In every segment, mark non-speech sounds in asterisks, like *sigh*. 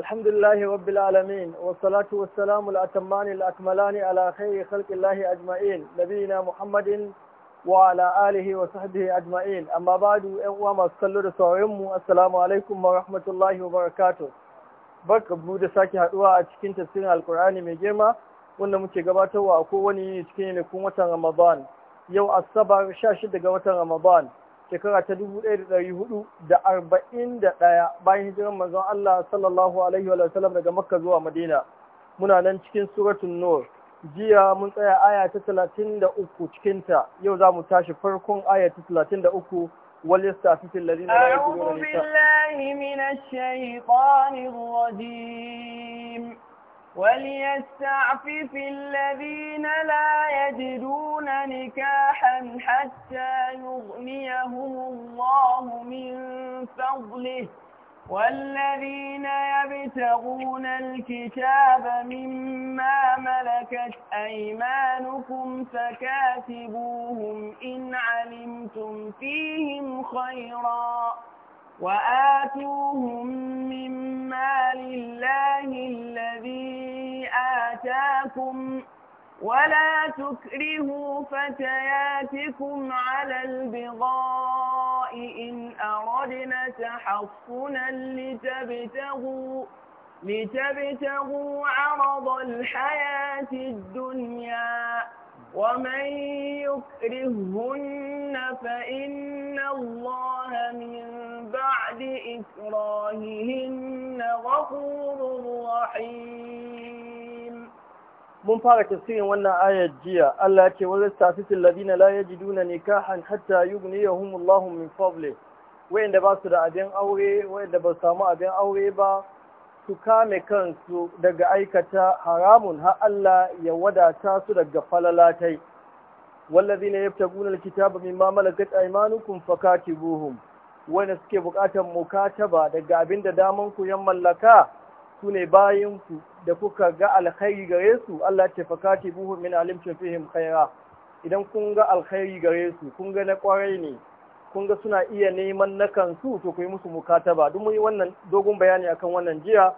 الحمد لله رب العالمين والصلاة والسلام الأتمان الأكملان على خير خلق الله أجمعين نبينا محمد وعلى آله وصحبه أجمعين أما بعد أنواما السلور سوارمو السلام عليكم ورحمة الله وبركاته barka mu da sake haduwa a cikin tafsirin alkur'ani mai girma wanda muke gabatarwa a kowane cikin yanakun watan ramadan yau asabar 16 ga watan ramadan shekara ta dubu ɗaya da ɗari hudu da arba'in da ɗaya bayan hijiran manzon Allah sallallahu alaihi wa sallam daga Makka zuwa Madina. Muna nan cikin suratun Nur. Jiya mun tsaya aya ta talatin da uku cikin ta yau za mu tashi farkon aya ta talatin da uku وليستعفف الذين لا يؤمنون بالله من الشيطان الرجيم وليستعفف الذين لا يجدون نكاحا حتى يغنيهم الله من فضله والذين يبتغون الكتاب مما ملكت أيمانكم فكاتبوهم إن علمتم فيهم خيرا وآتوهم مما لله الذي آتاكم ولا تكرهوا فتياتكم على البغاء إن أردنا تحصنا لتبتغوا لتبتغوا عرض الحياة الدنيا ومن يكرهن فإن الله من بعد إكراههن غفور رحيم mun fara tafsirin wannan ayar jiya Allah ya ce wa zastafisil ladina la yajiduna nikahan hatta yughniyahum Allahu min fadli wayanda ba su da abin aure wayanda ba su samu abin aure ba su kame kansu daga aikata haramun har Allah ya wadata su daga falalatai wallazina yabtaguna alkitaba mimma malakat aymanukum fakatibuhum wanda suke bukatar mukataba daga abinda daman ku yan mallaka ne bayan ku da kuka ga alkhairi gare su Allah ya fakatibuhum min alimtum fihim khaira idan kun ga alkhairi gare su kun ga na kwarai ne kun ga suna iya neman na kansu to ku yi musu mukataba duk mun yi wannan dogon bayani akan wannan jiya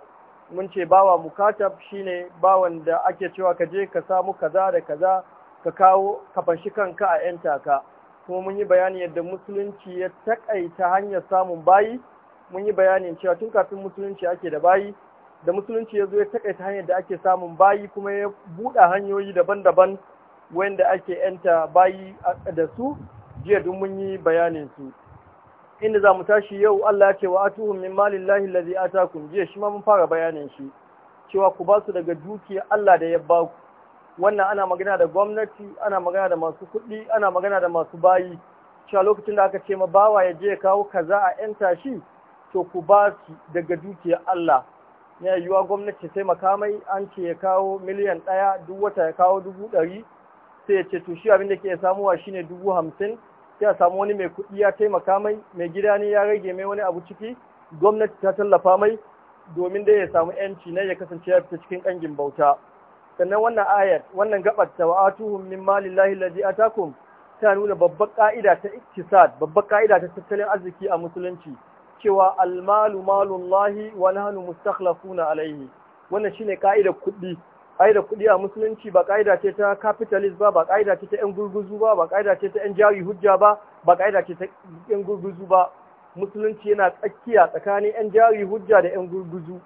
mun ce bawa mukatab shine bawan da ake cewa ka je ka samu kaza da kaza ka kawo ka fanshi kanka a yanta ka kuma mun yi bayani yadda musulunci ya takaita hanyar samun bayi mun yi bayanin cewa tun kafin musulunci ake da bayi da musulunci yazo ya takaita hanyar da ake samun bayi kuma ya buɗa hanyoyi daban-daban wanda ake yanta bayi da su jiya duk mun yi bayanin su inda za mu tashi yau Allah ya ce wa atuhum min malillahi allazi atakum jiya shi ma mun fara bayanin shi cewa ku ba su daga dukiya Allah da ya ba ku wannan ana magana da gwamnati ana magana da masu kuɗi ana magana da masu bayi cewa lokacin da aka ce ma bawa ya je ya kawo kaza a ƴan tashi to ku ba su daga dukiya Allah ya yiwuwa gwamnati taimaka mai an ce ya kawo miliyan ɗaya duk wata ya kawo dubu ɗari sai ya ce to shi abin da ke samuwa shine dubu hamsin sai a samu wani mai kuɗi ya taimaka mai mai gida ne ya rage mai wani abu ciki gwamnati ta tallafa mai domin dai ya samu yanci na ya kasance ya fita cikin ƙangin bauta sannan wannan ayat wannan gabar ta wa'atuhum min Ladi allazi atakum ta nuna babbar ka'ida ta iktisad babbar ka'ida ta tattalin arziki a musulunci cewa almalu malullahi wa nahnu mustakhlafuna alaihi wannan shine ka'idar kuɗi ƙa'idar kuɗi a musulunci ba ƙa'ida ce ta capitalist ba ba ƙa'ida ce ta 'yan gurguzu ba ba ƙa'ida ce ta 'yan jari hujja ba ba ƙa'ida ce ta 'yan gurguzu ba musulunci yana tsakiya tsakanin 'yan jari hujja da 'yan gurguzu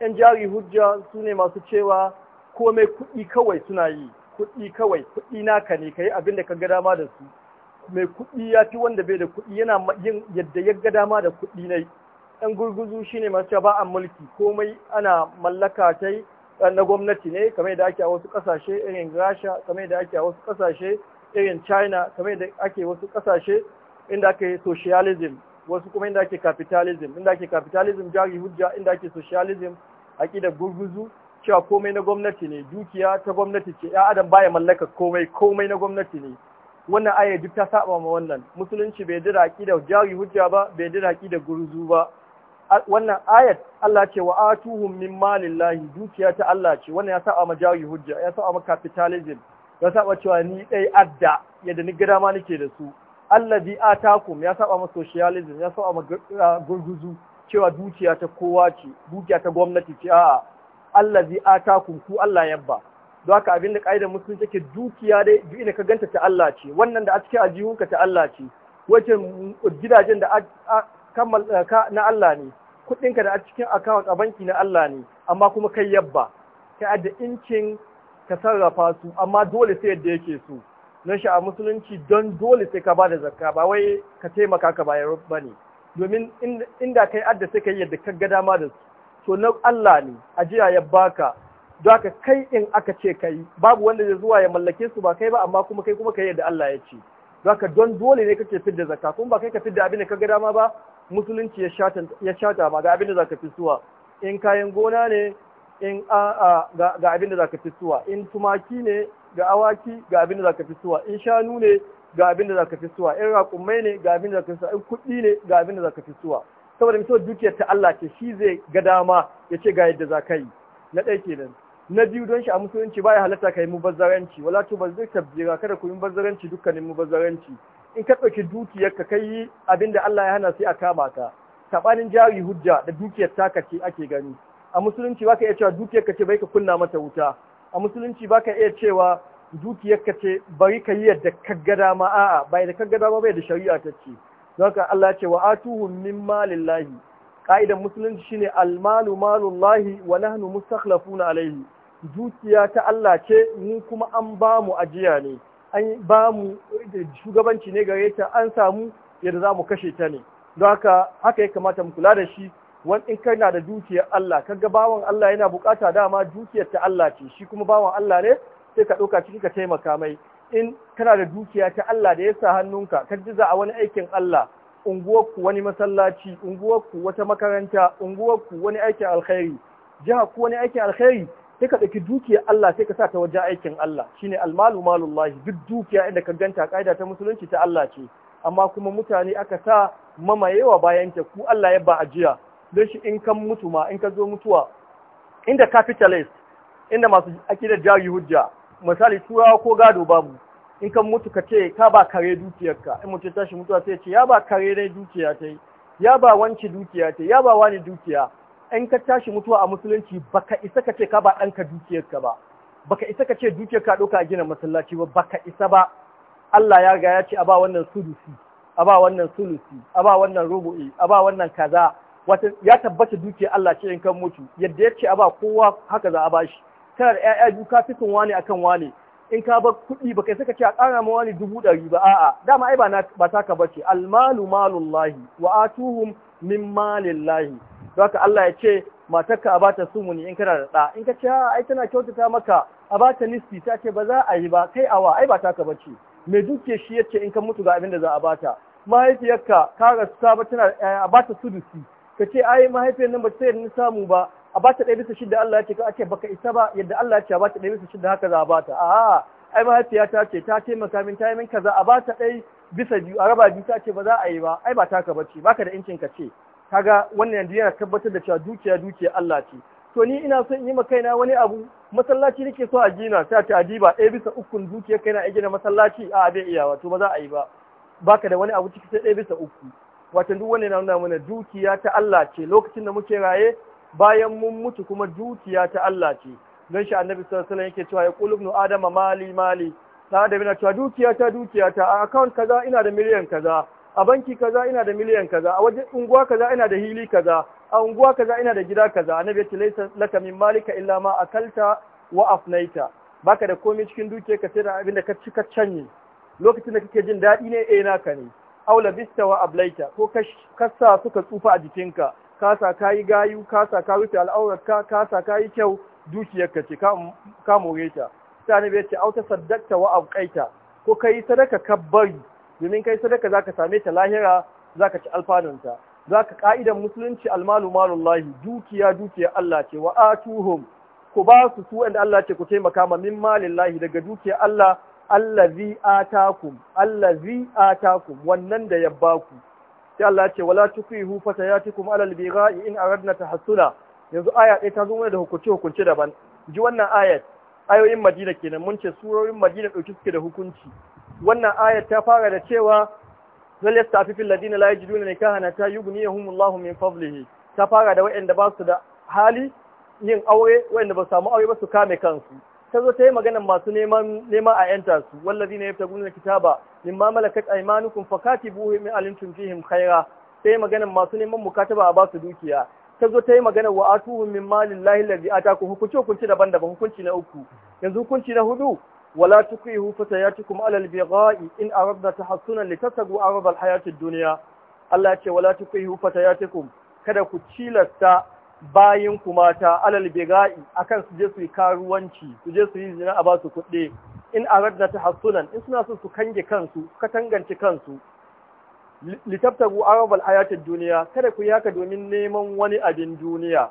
'yan jari hujja su ne masu cewa komai kuɗi kawai suna yi kuɗi kawai kuɗi naka ne ka yi abin da ka ga dama da su mai kuɗi ya ci wanda bai da kuɗi yana yin yadda ya ga dama da kuɗi ne 'yan gurguzu shine masu cewa ba a mulki komai ana mallaka ta yi na gwamnati ne kamar da ake a wasu kasashe irin Rasha kamar da ake a wasu kasashe irin China kamar da ake wasu kasashe inda ake socialism wasu kuma inda ake capitalism inda ake capitalism jari hujja inda ake socialism aqidar gurguzu cewa komai na gwamnati ne dukiya ta gwamnati ce ya adam baya mallaka komai komai na gwamnati ne wannan aya duk ta saba ma wannan musulunci bai dira aqidar jari hujja ba bai dira aqidar gurguzu ba wannan ayat Allah ce wa atuhum min malillahi dukiya ta Allah ce wannan ya saba ma jawi hujja ya saba ma capitalism ya saba cewa ni dai adda yadda ni gida ma nake da su allazi atakum ya saba ma socialism ya saba ma ah, gurguzu cewa dukiya ta kowa ce dukiya ta gwamnati ce a'a allazi atakum ku Allah yabba don haka abin da kaidar musulunci take dukiya dai duk inda ka ganta ta Allah ce wannan da a cikin ajiyunka ta Allah ce wajen gidajen da eh, na Allah ne kuɗinka da a cikin account a banki na Allah ne amma kuma kai yabba ka da incin ka sarrafa su amma dole sai yadda yake so na sha musulunci don dole sai ka bada zakka ba wai ka taimaka ka bayar ba ne domin inda kai adda sai ka yi yadda ka ga dama da su to na Allah ne ajiya ya baka don haka kai in aka ce kai babu wanda zai zuwa ya mallake su ba kai ba amma kuma kai kuma kai yadda Allah ya ce don don dole ne kake fidda zakka kuma ba kai ka fidda abin da ka ga dama ba musulunci ya shata ma ga abin da za ka fi suwa in kayan gona ne in a'a ga abin da za ka fi suwa in tumaki ne ga awaki ga abin da za ka fi suwa in shanu ne ga abin da za ka fi suwa in raƙumai ne ga abin da za ka fi suwa in kuɗi ne ga abin da za ka fi suwa saboda mutum dukiyar ta Allah ce shi zai ga dama ya ce ga yadda za ka yi na ɗaya kenan na biyu don shi a musulunci baya halatta ka yi mubazzaranci wala tu bazzir tabbira kada ku yi mubazzaranci dukkanin mubazzaranci in ka ɗauki dukiyar ka kai abin da Allah ya hana sai a kama ka sabanin jari hujja da dukiyar taka ce ake gani a musulunci baka iya cewa dukiyar ka ce bai ka kunna mata wuta a musulunci baka iya cewa dukiyar ka ce bari ka yi yadda ga dama a'a bai da ga dama bai da shari'a ta ce don haka Allah ya ce wa atuhu min malillahi ka'idan musulunci shine almalu malullahi wa nahnu mustakhlafuna alaihi dukiya ta Allah ce mu kuma an bamu ajiya ne an ba mu shugabanci ne gare ta an samu yadda za mu kashe ta ne don haka haka ya kamata mu kula da shi wani in na da dukiyar Allah kaga bawan Allah yana bukata dama dukiyar ta Allah ce shi kuma bawan Allah ne sai ka ɗauka cikin ka taimaka mai in kana da dukiya ta Allah da ya sa hannunka ka jiza a wani aikin Allah unguwarku wani masallaci unguwarku wata makaranta unguwarku wani aikin alkhairi jiha ku wani aikin alkhairi sai ka ɗauki dukiyar Allah sai ka sa ta wajen aikin Allah shine almalu malullahi duk dukiya inda ka ganta kaida ta musulunci ta Allah ce amma kuma mutane aka sa mamayewa bayan ta ku Allah ya ba ajiya don shi in kan mutu ma in ka zo mutuwa inda capitalist inda masu akidar jari hujja misali turawa ko gado babu in kan mutu ka ce ka ba kare dukiyarka in mutum tashi mutuwa sai ce ya ba kare dai dukiya ta ya ba wanci dukiya ta ya ba wani dukiya Yan ka tashi mutuwa a musulunci baka isa ka ce ka ba ɗanka dukiyarka ba baka isa ka ce dukiyar ka ɗauka a gina masallaci ba baka isa ba Allah ya ga ya ce a ba wannan sulusi a ba wannan sulusi a ba wannan rubu'i a ba wannan kaza ya tabbata dukiyar Allah ce in kan mutu yadda ya ce a ba kowa haka za a ba shi kana da ƴaƴa duka fitin wane akan wane in ka bar kuɗi baka isa ka ce a ƙara ma wani dubu ɗari ba a'a dama ai ba ta ka bace almalu malullahi wa atuhum min malillahi don haka Allah ya ce matarka a bata muni in kana da ɗa in ka ce ha ah, ai tana kyautata maka a bata nisfi ta ce ba za a yi ba kai awa ai ba ta ka bace mai duke shi yace in ka mutu ga abin da za a bata mahaifiyarka ka ga ta ba tana eh, a bata dusi ka ce ai mahaifiyar nan ba ta yarda samu ba a bata ɗaya bisa shidda Allah ya ce ka ce baka isa ba yadda Allah ya ce a bata ɗaya bisa shidda haka za a bata a ai ta ce ta taimaka min ta yi min kaza a bata ɗaya bisa biyu a raba biyu ta ce ba za a yi ba ai ba ka bace baka da incin ka ce kaga wannan yana tabbatar da cewa dukiya dukiya Allah ce to ni ina son yi kaina wani abu masallaci nake so a gina ta ta adiba ɗaya bisa ukun dukiyar kaina a gina masallaci a bai iya wato ba za a yi ba baka da wani abu ciki sai ɗaya bisa uku wato duk wannan nuna mana dukiya ta Allah ce lokacin da muke raye bayan mun mutu kuma dukiya ta Allah ce don shi annabi sallallahu alaihi wasallam yake cewa ya qulu ibnu adama mali mali da da yana cewa dukiya ta dukiya ta account kaza ina da miliyan kaza a banki kaza ina da miliyan kaza a wajen unguwa kaza ina da hili kaza a unguwa kaza ina da gida kaza annabi ce laysa laka min malika illa ma akalta wa afnaita baka da komai cikin duke ka sai da abin da ka ci ka canye lokacin da kake jin daɗi ne eh naka ne aula bista wa ablaita ko ka suka tsufa a jikinka ka sa kayi gayu ka sa ka rufe ka sa kayi kyau dukiyarka ce ka more ta sai annabi ya ce auta saddaqta wa abqaita ko kai sadaka kabbari domin kai sadaka zaka same ta lahira zaka ci alfanunta zaka ka'idan musulunci almalu malullahi dukiya dukiya Allah ce wa atuhum ku ba su su wanda Allah ce ku taimaka ma min malillahi daga dukiya Allah allazi atakum allazi atakum wannan da ya baku sai Allah ce wala tukihu fatayatikum alal bigha'i in aradna tahassula yanzu aya ɗaya ta zo mana da hukunci hukunce daban ji wannan ayat ayoyin Madina kenan mun ce surorin Madina ɗauki suke da hukunci wannan ayar ta fara da cewa zal yastafifil ladina la yajiduna nikahan ta yughniyahumullahu min fadlihi ta fara da wa'anda ba su da hali yin aure wa'anda ba su samu aure ba su kame kansu ta zo ta yi maganar masu neman a yanta su wallazi ne ya fi gudunar kitaba mimma malakat aimanukum fakati buhu min alintum fihim khaira ta yi maganar masu neman mukataba a su dukiya ta zo ta yi maganar wa atuhum min malin lahi lazi ataku hukunci hukunci daban-daban hukunci na uku yanzu hukunci na hudu ولا تكرهوا فتياتكم على البغاء إن أردنا تحصنا لتسقوا عرض الحياة الدنيا الله يقول ولا تكرهوا فتياتكم kada ku cilasta bayin ku mata alal bigai akan su je su yi karuwanci su je su yi zina a ba su kuɗi in aradna tahassulan in suna so su kange kansu su katangance kansu litaftagu arabal hayatid duniya kada ku yi haka domin neman wani abin duniya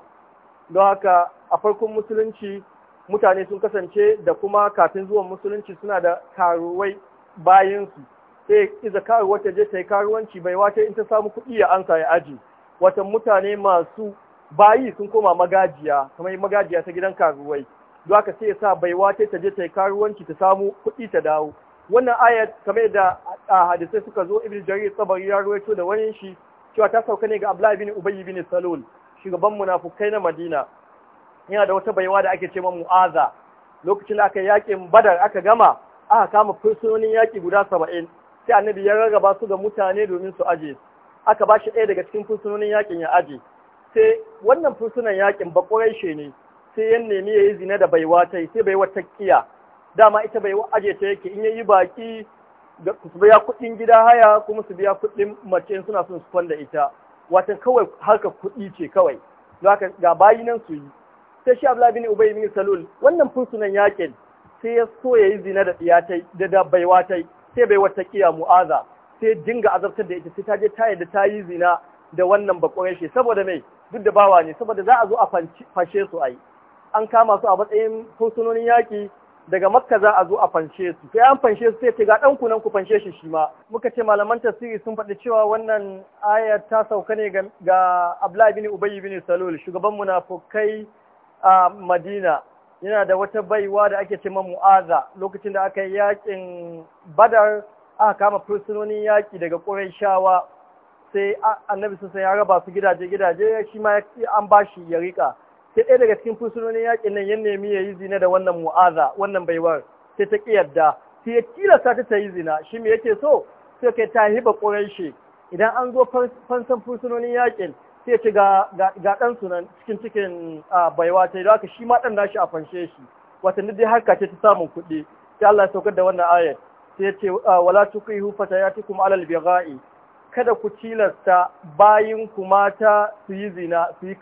don haka a farkon musulunci mutane sun kasance da kuma kafin zuwan musulunci suna da karuwai bayansu sai iza karu ta je ta yi karuwanci bai wata in ta samu kuɗi ya ansa ya aji wata mutane masu bayi sun koma magajiya kamar magajiya ta gidan karuwai don haka sai ya sa bai wata ta je ta yi karuwanci ta samu kuɗi ta dawo wannan ayat kamar da a hadisai suka zo ibn jarir tsabari ya ruwaito da wani shi cewa ta sauka ne ga abdullahi bin ubayy bin salul shugaban munafukai na madina yana da wata baiwa da ake ce mu'aza lokacin da aka yakin badar aka gama aka kama fursunonin yaki guda saba'in sai annabi ya rarraba su ga mutane domin su aje aka ba shi ɗaya daga cikin fursunonin yakin ya aje sai wannan fursunan yakin ba ƙwarai ne sai ya nemi ya yi zina da baiwa ta yi, sai baiwa ta kiya dama ita baiwa aje ta yake in ya yi baki su biya kuɗin gida haya kuma su biya kuɗin mace suna son su kwanda ita watan kawai harkar kuɗi ce kawai ga bayi nan su yi sai shi Abdullah bin Ubay mini Salul wannan fursunan yakin sai ya so yi zina da tsiyatai da dabaiwa tai sai bai wata kiya mu'aza sai dinga azabtar da ita sai ta je ta da ta yi zina da wannan bakon shi saboda mai duk da bawa ne saboda za a zo a fashe su ai an kama su a matsayin fursunonin yaki daga makka za a zo a fanshe su sai an fanshe su sai ce ga dan ku nan ku fanshe shi shi ma muka ce malaman tasiri sun faɗi cewa wannan ayar ta sauka ne ga Abdullahi bin Ubayy bin Salul shugaban munafukai a Madina yana da wata baiwa da ake cema mu'aza lokacin da aka yi yakin badar aka kama fursunonin yaki daga ƙurayshawa sai annabi sun ya raba su gidaje gidaje shi ma an bashi ya rika sai ɗaya daga cikin fursunonin yakin nan ya nemi ya yi zina da wannan mu'aza wannan baiwar sai ta ƙi yarda sai ya tilasta ta ta yi zina shi me yake so sai kai ta hiba idan an zo fansan fursunonin yakin sai ce ga ɗan sunan cikin cikin baiwa ta yi haka shi ma ɗan nashi a fanshe shi watanni dai harka ce ta samun kuɗi sai Allah ya saukar da wannan ayat sai ce wala tuqihu fatayatikum alal bigha'i kada ku tilasta bayin ku mata su yi zina su yi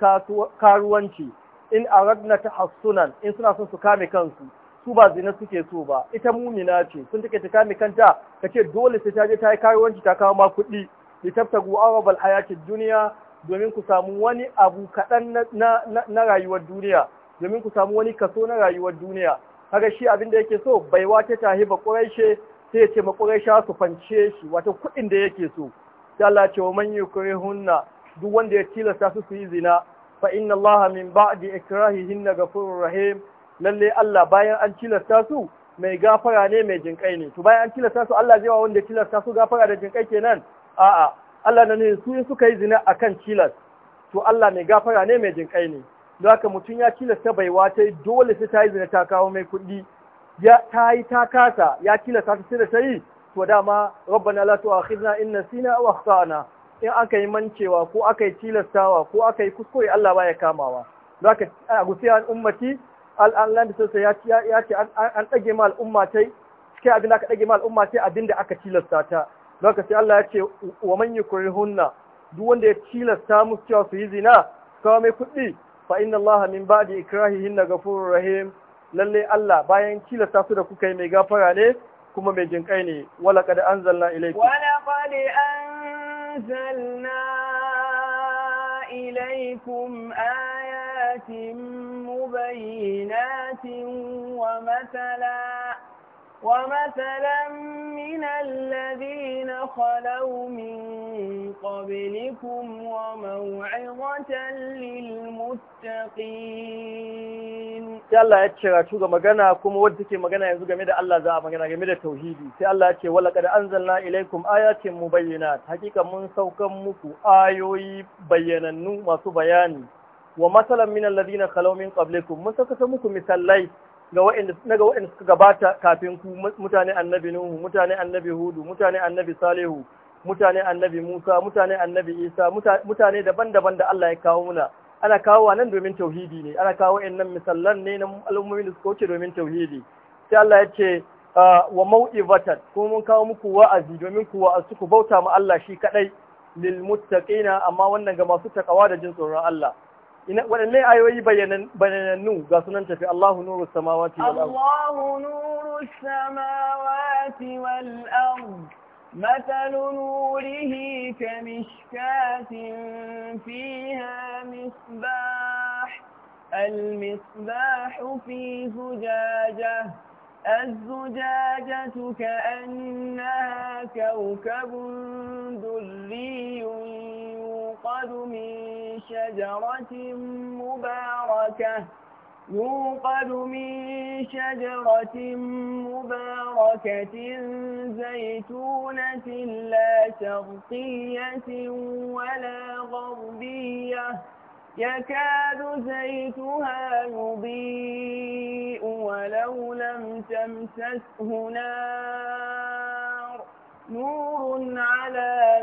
karuwanci in a aradna tahassunan in suna son su kame kansu su ba zina suke so ba ita mumina ce sun take ta kame kanta kace dole sai ta je ta yi karuwanci ta kawo ma kuɗi litaftagu arabal hayatid duniya domin ku samu wani abu kaɗan na rayuwar duniya domin ku samu wani kaso na rayuwar duniya kaga shi abin da yake so bai wata tahi ba quraishe sai ya ce ma quraisha su fance shi wata kuɗin da yake so sai Allah ce wa man hunna duk wanda ya tilasta su su yi zina fa inna Allah min ba'di ikrahihinna ghafurur rahim Lallai Allah bayan an tilasta su mai gafara ne mai jinkai ne to bayan an tilasta su Allah zai wa wanda ya tilasta su gafara da jinkai kenan a'a Allah na ne su suka yi zina akan tilas to Allah mai gafara ne mai jinkai ne don haka mutum ya tilasta baiwa ta dole sai ta yi zina ta kawo mai kuɗi ya ta yi ta kasa ya tilasta ta sai da ta yi to dama rabbana la tu'akhidna in nasina aw akhtana in aka yi mancewa ko aka yi tilastawa ko aka yi kuskure Allah ya kamawa don haka a gusiya ummati al'an da ya ce an ɗage ma al'umma tai cikin abin da aka ɗage ma al'umma tai abin da aka tilasta ta Zaka ce Allah ya ce wa man yukrihunna duk wanda ya tilasta musu cewa su yi zina kawo mai kuɗi fa inna Allah min ba'di ikrahihinna ghafurur rahim lalle Allah bayan tilasta su da kuka yi mai gafara ne kuma mai jinkai ne wala kad anzalna ilaykum wala qad anzalna ilaykum ayatin mubayyinatin wa matala ومثلا من الذين خلوا من قبلكم وموعظة للمتقين sai Allah ya ce racu ga magana kuma wadda ke magana yanzu game da Allah za a magana game da tauhidi sai Allah ya ce wala qad anzalna ilaykum ayatin mubayyinat hakika mun saukan muku ayoyi bayyanannu masu bayani wa masalan min alladhina khalaw min qablikum mun saka muku misallai. na ga waɗanda suka gabata kafin ku mutane annabi Nuhu mutane annabi Hudu mutane annabi Salihu mutane annabi Musa mutane annabi Isa mutane daban-daban da Allah ya kawo muna ana kawo nan domin tauhidi ne ana kawo nan misallan ne na al'ummomin da suka wuce domin tauhidi sai Allah ya ce ah, wa mau'izatan Kuma mun kawo muku wa'azi domin ku wa'azi ku bauta ma Allah shi kadai lil muttaqina amma wannan ga masu takawa da jin tsoron Allah waɗanne ayoyi bayyanannu ga sunan tafi Allahu nuru samawati wal ard Allahu nuru samawati wal ard مثل نوره كمشكاة فيها مصباح المصباح في زجاجة الزجاجة كأنها كوكب دري يوقد من شجرة مباركة يوقد من شجرة مباركة زيتونة لا شرقية ولا غربية يكاد زيتها يضيء ولو لم تمسسه نار نور على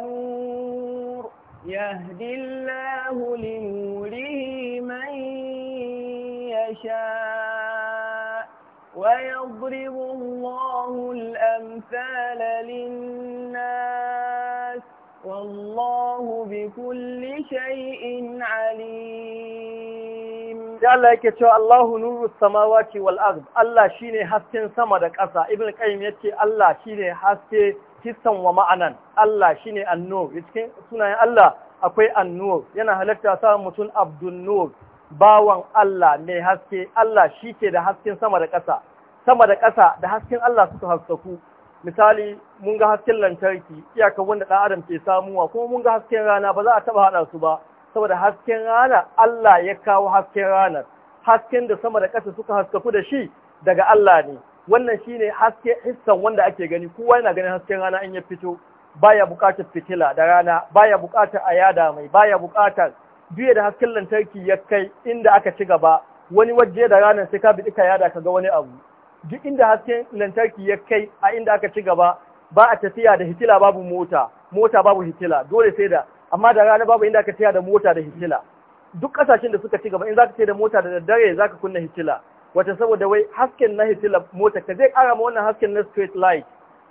يهدي الله لنوره من يشاء ويضرب الله الأمثال للناس والله بكل شيء عليم قال لك الله نور السماوات والأرض الله شيني حسن سمدك أسا ابن القيم يتي الله شيني حسن hissan wa ma'anan Allah shi shine annur cikin sunayen Allah akwai annur yana halatta sa mutum abdun nur bawan Allah mai haske Allah shi ke da hasken sama da ƙasa sama da ƙasa da hasken Allah suka haskaku misali mun ga hasken lantarki iyakar wanda ɗan adam ke samuwa kuma mun ga hasken rana ba za a taɓa haɗa su ba saboda hasken rana Allah ya kawo hasken ranar hasken da sama da ƙasa suka haskaku da shi daga Allah ne wannan shine haske hissan wanda ake gani kowa yana ganin hasken rana in ya fito baya buƙatar fitila da rana baya buƙatar yada mai baya bukatar biye da hasken lantarki ya kai inda aka ci gaba wani waje da ranar sai ka bi ka yada ka ga wani abu duk inda hasken lantarki ya kai a inda aka ci gaba ba a tafiya da hitila babu mota mota babu hitila dole sai da amma da rana babu inda aka tafiya da mota da hitila duk kasashen da suka ci gaba in zaka ce da mota da daddare zaka kunna hitila wata saboda wai hasken na hitila mota ka zai kara ma wannan hasken na street light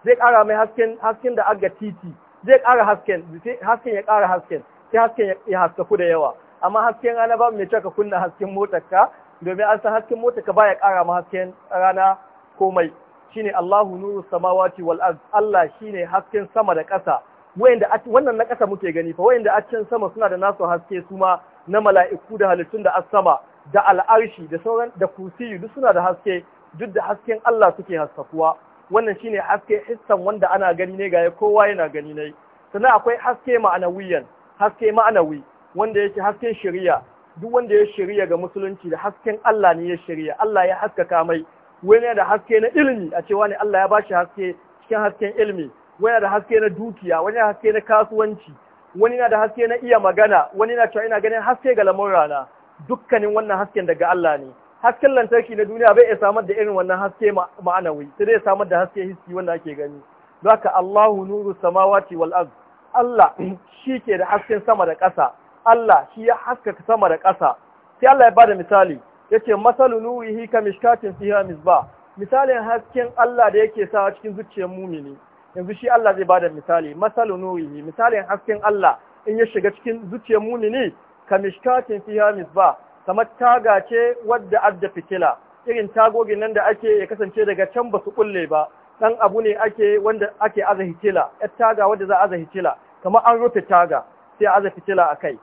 zai kara mai hasken da aga titi zai kara hasken hasken ya kara hasken sai hasken ya haskaku da yawa amma hasken rana babu mai cewa ka kunna hasken mota ka domin an san hasken mota ka baya kara ma hasken rana komai shine Allahu nuru samawati wal ard Allah shine hasken sama da ƙasa wannan na ƙasa muke gani fa wayanda a cikin sama suna da nasu haske suma na mala'iku da halittun da as-sama da al'arshi da sauran da kusiyu, duk suna da haske duk da hasken Allah suke haskakuwa wannan shine haske hissan wanda ana gani ne ga kowa yana gani ne sannan akwai haske ma'anawiyan haske ma'anawi wanda yake hasken shari'a duk wanda ya shari'a ga musulunci da hasken Allah ne ya shari'a Allah ya haskaka mai wani da haske na ilimi a cewa ne Allah ya shi haske cikin hasken ilimi wani da haske na dukiya wani da haske na kasuwanci wani na da haske na iya magana wani na cewa ina ganin haske ga lamun rana dukkanin wannan hasken daga Allah ne hasken lantarki na duniya bai iya samar da irin wannan haske ma'anawi sai dai samar da haske hiski wanda ake gani don haka Allahu nuru samawati wal ard Allah *clears throat* shi ke da hasken sama da ƙasa Allah shi ya haskaka sama da ƙasa sai Allah ya bada misali yace masalu nurihi ka mishkatin fiha misba misalin hasken Allah da yake sawa cikin zuciyar mumini yanzu shi Allah zai bada misali masalu nurihi misalin hasken Allah in ya shiga cikin zuciyar mumini kamishkatin fiha ba. kamar taga ce wadda adda fitila irin tagogin nan da ake ya kasance daga can ba su kulle ba dan abu ne ake wanda ake aza hitila yar taga wadda za a aza hitila kamar an rufe taga sai aza fitila a kai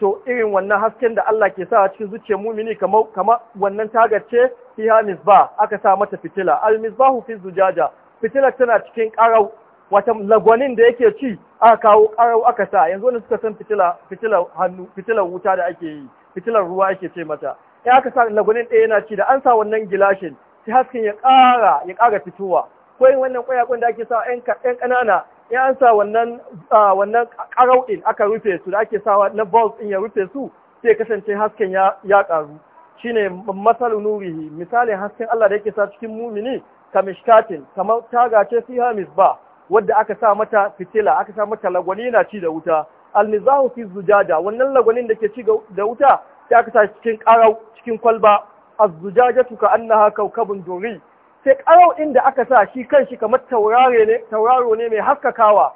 to irin wannan hasken da Allah ke sa cikin zuciyar mumini kamar kamar wannan tagar ce fiha misba aka sa mata fitila al misbahu fi zujaja fitilar tana cikin karau wata lagwanin da yake ci aka kawo karau aka sa yanzu wani suka san fitila fitilar hannu fitilar wuta da ake yi fitilar ruwa ake ce mata in aka sa lagwanin ɗaya yana ci da an sa wannan gilashin sai hasken ya ƙara ya ƙara fitowa ko yin wannan ƙwayakon da ake sa ƴan ƙanana in an sa wannan wannan karau ɗin aka rufe su da ake sawa na bulb ɗin ya rufe su sai kasance hasken ya ƙaru shine masalu nurihi misalin hasken Allah da yake sa cikin mumini kamishkatin kamar taga ce fiha misbah wadda aka sa mata fitila aka sa mata lagwani yana ci da wuta al-nizahu fi zujada wannan lagwanin da ke ci da wuta sai aka sa cikin qarau cikin kwalba az-zujajatu ka annaha kawkabun duri sai karau din da aka sa shi kanshi kamar taurare ne tauraro ne mai haskakawa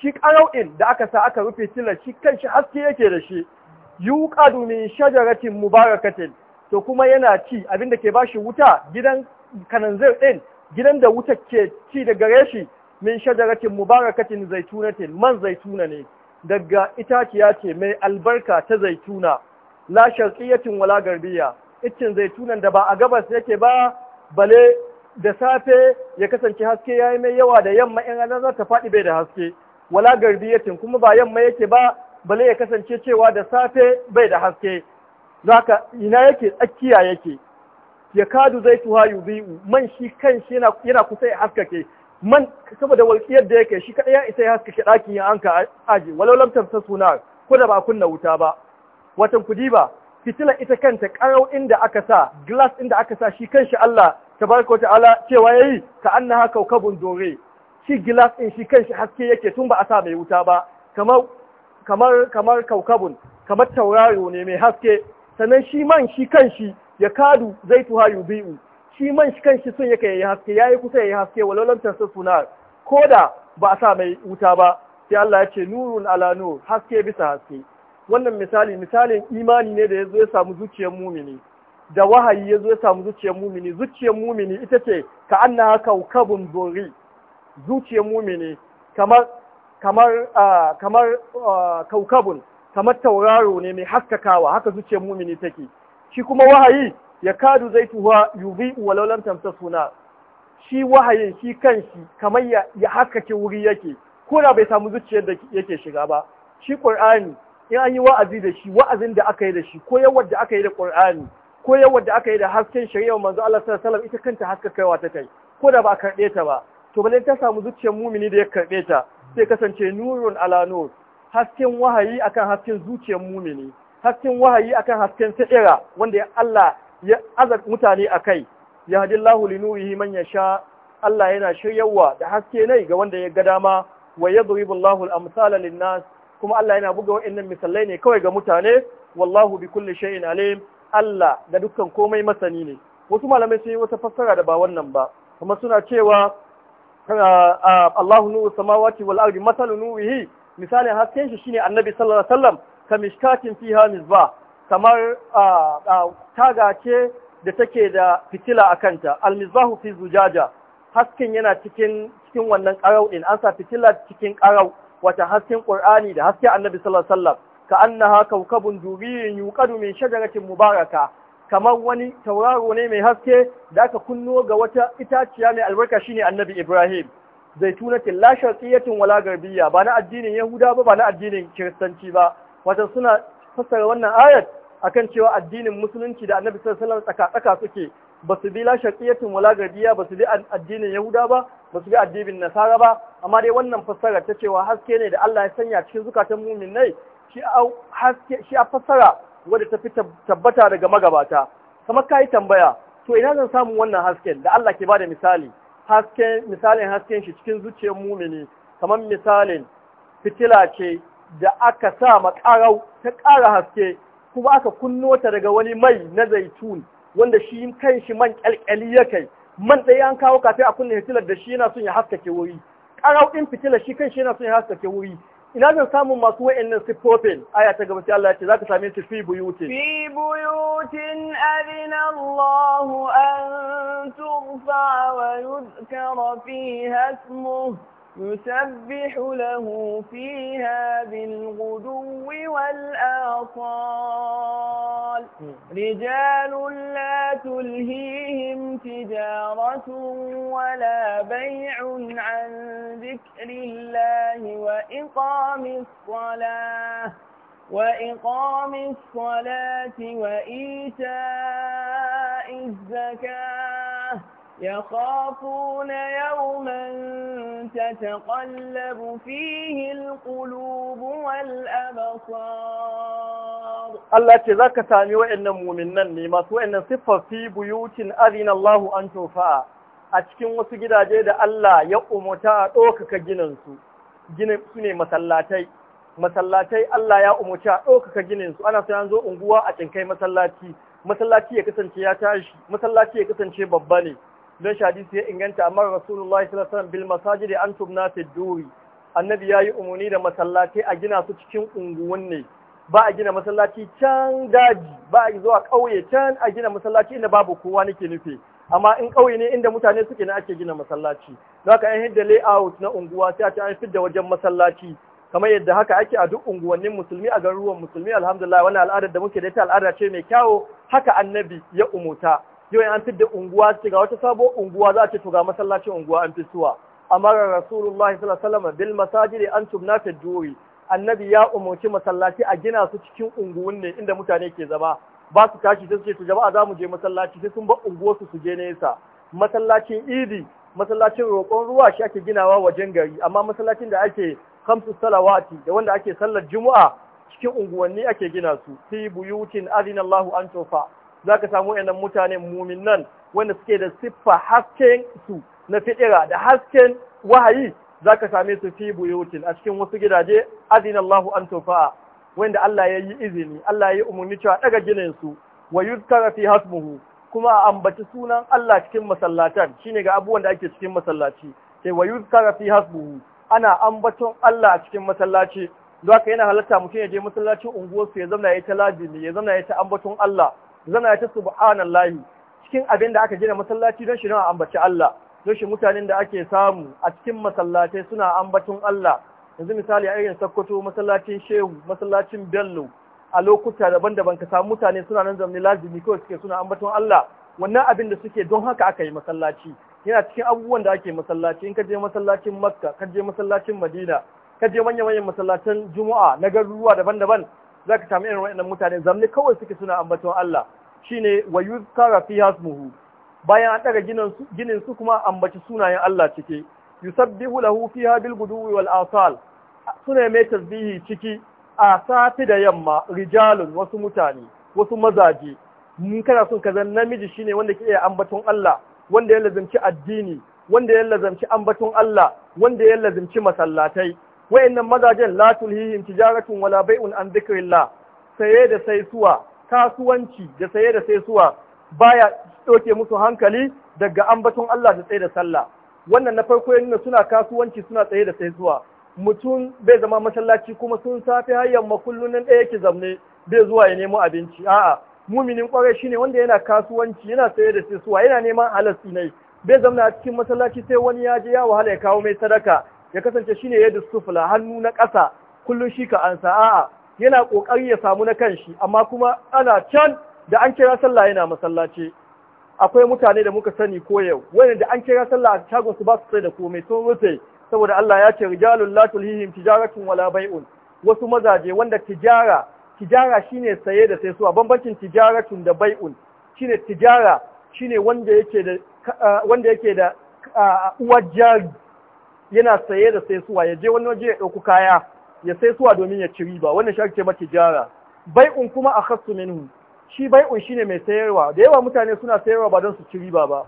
shi qarau din da aka sa aka rufe tilar shi kanshi haske yake da shi yuqadu min shajaratin mubarakatin to kuma yana ci abinda ke bashi wuta gidan kananzir din gidan da wuta ke ci daga gare shi min shajaratin mubarakatin zaitunatin man zaituna ne daga itaciya ce mai albarka ta zaituna la sharqiyatin wala garbiya itin zaitunan da ba a gabas yake ba bale da safe ya kasance haske yayi mai yawa da yamma in ranar za ta faɗi bai da haske wala garbiyatin kuma ba yamma yake ba bale ya kasance cewa da safe bai da haske zaka ina yake tsakiya yake ya kadu zai tuha man shi kan shi yana kusa ya haskake man saboda walƙiyar da yake shi kaɗai ya isa ya haskake ɗakin ya anka aji walau lamtar ta suna ko da ba kunna wuta ba watan kudi ba fitila ita kanta ƙarau inda aka sa glass inda aka sa shi kanshi Allah tabaraka ta'ala cewa yayi ka annaha kaukabun dore shi glass din shi kanshi haske yake tun ba a sa mai wuta ba kamar kamar kamar kaukabun kamar tauraro ne mai haske sannan shi man shi kanshi ya kadu zaituha yubi'u shi man shi shi sun yake yayi haske yayi kusa yayi haske walau suna ko da ba a sa mai wuta ba sai Allah ya ce nurun ala nur haske bisa haske wannan misali misalin imani ne da yazo ya samu zuciyar mumini da wahayi yazo ya samu zuciyar mumini zuciyar mumini ita ce ka annaha kaukabun zuri zuciyar mumini kamar kamar kaukabun kamar tauraro ne mai haskakawa haka zuciyar mumini take shi kuma wahayi ya kadu zaituha yubi walau lam tamtasuna shi wahayin shi kanshi kamar ya, ya haskake wuri yake ko da bai samu zuciyar da yake shiga ba shi qur'ani in an yi wa'azi da shi wa'azin da aka yi da shi ko yawar da aka yi da qur'ani ko yawar da aka yi da hasken shari'a manzo Allah sallallahu alaihi wasallam ita kanta haskakaiwa ta kai ko da ba a karɓe ta ba to bale ta samu zuciyar mumini da ya karɓe ta sai kasance nurun ala nur hasken wahayi akan hasken zuciyar mumini hasken wahayi akan hasken sa'ira wanda Allah ya aza mutane a kai ya hadi lahuli li nurihi man yasha Allah yana shiryarwa da haske ne ga wanda ya ga dama wa yadribu Allahu al-amsala lin kuma Allah yana buga wa'annan misalai ne kawai ga mutane wallahu bi kulli shay'in alim Allah da dukkan komai masani ne wasu malamai sun yi wata fassara da ba wannan ba kuma suna cewa ah, ah, Allahu nuru samawati wal ardi masalu nurihi misalin hasken shi shine annabi sallallahu alaihi wasallam kamishkatin fiha misbah kamar taga ce da take da fitila a kanta almizahu fi zujaja hasken yana cikin wannan karau din an sa fitila cikin karau wata hasken ƙur'ani da hasken annabi sallallahu alaihi wasallam ka annaha kawkabun duriyun yuqadu min shajaratin mubaraka kamar wani tauraro ne mai haske da aka kunno ga wata itaciya mai albarka shine annabi ibrahim zaitunatin la sharqiyyatin wala garbiya. ba na addinin yahuda ba ba na addinin kiristanci ba wata suna Fasara wannan ayat akan cewa addinin musulunci da annabi sallallahu alaihi wasallam tsaka-tsaka suke ba su bi la shaqiyatin wala gadiya ba su bi addinin yahuda ba ba su bi addinin nasara ba amma dai wannan fassara ta cewa haske ne da Allah ya sanya cikin zukatan mu'minai shi a haske shi a fassara wadda ta fi tabbata daga magabata kamar kai tambaya to ina zan samu wannan hasken da Allah ke bada misali hasken misalin hasken shi cikin zuciyar mumini kamar misalin fitila ce da aka sa makarau ta ƙara haske kuma aka kunno ta daga wani mai na zaitun wanda shi kan shi man kyalkyali ya kai man ɗaya an kawo kafin a kunna fitilar da shi yana son ya haskake wuri ƙarau ɗin fitilar shi kan shi yana son ya haskake wuri ina zan samun masu wa'annan siffofin aya ta gaba sai Allah ya ce zaka same su fi buyutin fi buyutin adina Allah an turfa wa yuzkara fiha ismuhu يسبح له فيها بالغدو والآصال رجال لا تلهيهم تجارة ولا بيع عن ذكر الله وإقام الصلاة وإقام الصلاة وإيتاء الزكاة يخافون يوما تتقلب فيه القلوب والأبصار الله تذاك سامي وإن مؤمنا نيمات وإن صفة في بيوت أذن الله أن توفى أتكين وسجد جيد الله يؤم تأوك كجننسو ginin su ne masallatai Allah ya umuta a ɗaukaka ginin su ana sai an zo unguwa a cinkai masallaci masallaci ya kasance ya tashi masallaci ya kasance babba ne don shadisi ya inganta amma rasulullahi sallallahu bil masajidi an tubna fi duri annabi yayi umarni da masallatai a gina su cikin unguwan ne ba a gina masallaci can daji ba a zuwa ƙauye can a gina masallaci inda babu kowa nake nufi amma in ƙauye ne inda mutane suke na ake gina masallaci za ka yi hidda layout na unguwa sai a ce an fidda wajen masallaci kamar yadda haka ake a duk unguwannin musulmi a garuruwan musulmi alhamdulillah Wani al'adar da muke da ita al'ada ce mai kyawo haka annabi ya umuta yau an fidda unguwa ce ga wata sabo unguwa za a ce to ga masallacin unguwa an fitowa ga rasulullahi sallallahu alaihi wasallam bil masajidi an tubna juri annabi ya umarci masallaci a gina su cikin unguwan ne inda mutane ke zama ba su tashi sai su ce to jama'a za mu je masallaci sai sun bar unguwar su su je nesa masallacin idi masallacin roƙon ruwa shi ake ginawa wajen gari amma masallacin da ake kamsu salawati da wanda ake sallar juma'a cikin unguwanni ake gina su fi buyutin adinallahu an tofa za ka samu yanar mutane muminan wanda suke da siffa hasken su na fiɗira da hasken wahayi za ka same su fi buyutin a cikin wasu gidaje azina Allah an tofa wanda Allah ya yi izini Allah ya yi umarni cewa daga ginin su wa yuzkara fi hasmuhu kuma a ambaci sunan Allah cikin masallatan shine ga abubuwan da ake cikin masallaci sai wa yuzkara fi hasbuhu ana ambaton Allah cikin masallaci don haka yana halatta mutum ya je masallacin unguwarsu ya zama ya ta talabi ya zama ya ta ambaton Allah zana ta subhanallahi cikin abin da aka gina masallaci don shi na ambaci Allah don shi mutanen da ake samu a cikin masallatai suna ambatun Allah yanzu misali a irin sakkwato masallacin Shehu masallacin Bello a lokuta daban-daban ka samu mutane suna nan zamani lazimi kawai suke suna ambaton Allah wannan abin da suke don haka aka yi masallaci yana cikin abubuwan da ake masallaci in ka je masallacin Makka ka je masallacin Madina ka je manya manyan masallacin Juma'a na garuruwa daban-daban za ka sami irin waɗannan mutane zamne kawai suke suna ambaton Allah shine wa yuzkara fi hasmuhu bayan an daga ginin su kuma ambaci sunayen Allah cike yusabbihu lahu fiha bil gudu, wal asal suna mai tasbihi ciki a safi da yamma rijalun wasu mutane wasu mazaje mun kana son kazan Namiji namiji shine wanda ke iya ambaton Allah wanda ya lazimci addini wanda ya lazimci ambaton Allah wanda ya lazimci masallatai wayannan mazajen latul hihim tijaratun wala bai'un an dhikrillah saye da saisuwa kasuwanci da saye da saisuwa baya ɗauke musu hankali daga ambaton Allah da tsaye da sallah wannan na farko ya suna kasuwanci suna tsaye da saisuwa mutum bai zama masallaci kuma sun safi har yamma kullun ɗaya yake zamne bai zuwa ya nemo abinci a'a muminin kwarai shine wanda yana kasuwanci yana saye da saisuwa yana neman halasti ne bai zamna a cikin masallaci sai wani ya je ya wahala ya kawo mai sadaka ya kasance shine ya sufla hannu na ƙasa kullum shi ka ansa a'a yana ƙoƙari ya samu na kanshi amma kuma ana can da an kira sallah yana masallaci akwai mutane da muka sani ko yau wani da an kira sallah a shagon su ba su sai da komai sun rufe saboda Allah ya ce rijalul la tulhihim tijaratun wala bai'un wasu mazaje wanda tijara tijara shine saye da sai bambancin tijaratun da bai'un shine tijara shine wanda yake da wanda yake da uwar yana saye da sai suwa ya je wani waje ya ɗauku kaya ya sai suwa domin ya ci riba wannan shi ake mata jara bai'un kuma a khassu minhu shi bai'un shine mai sayarwa da yawa mutane suna sayarwa ba don su ci riba ba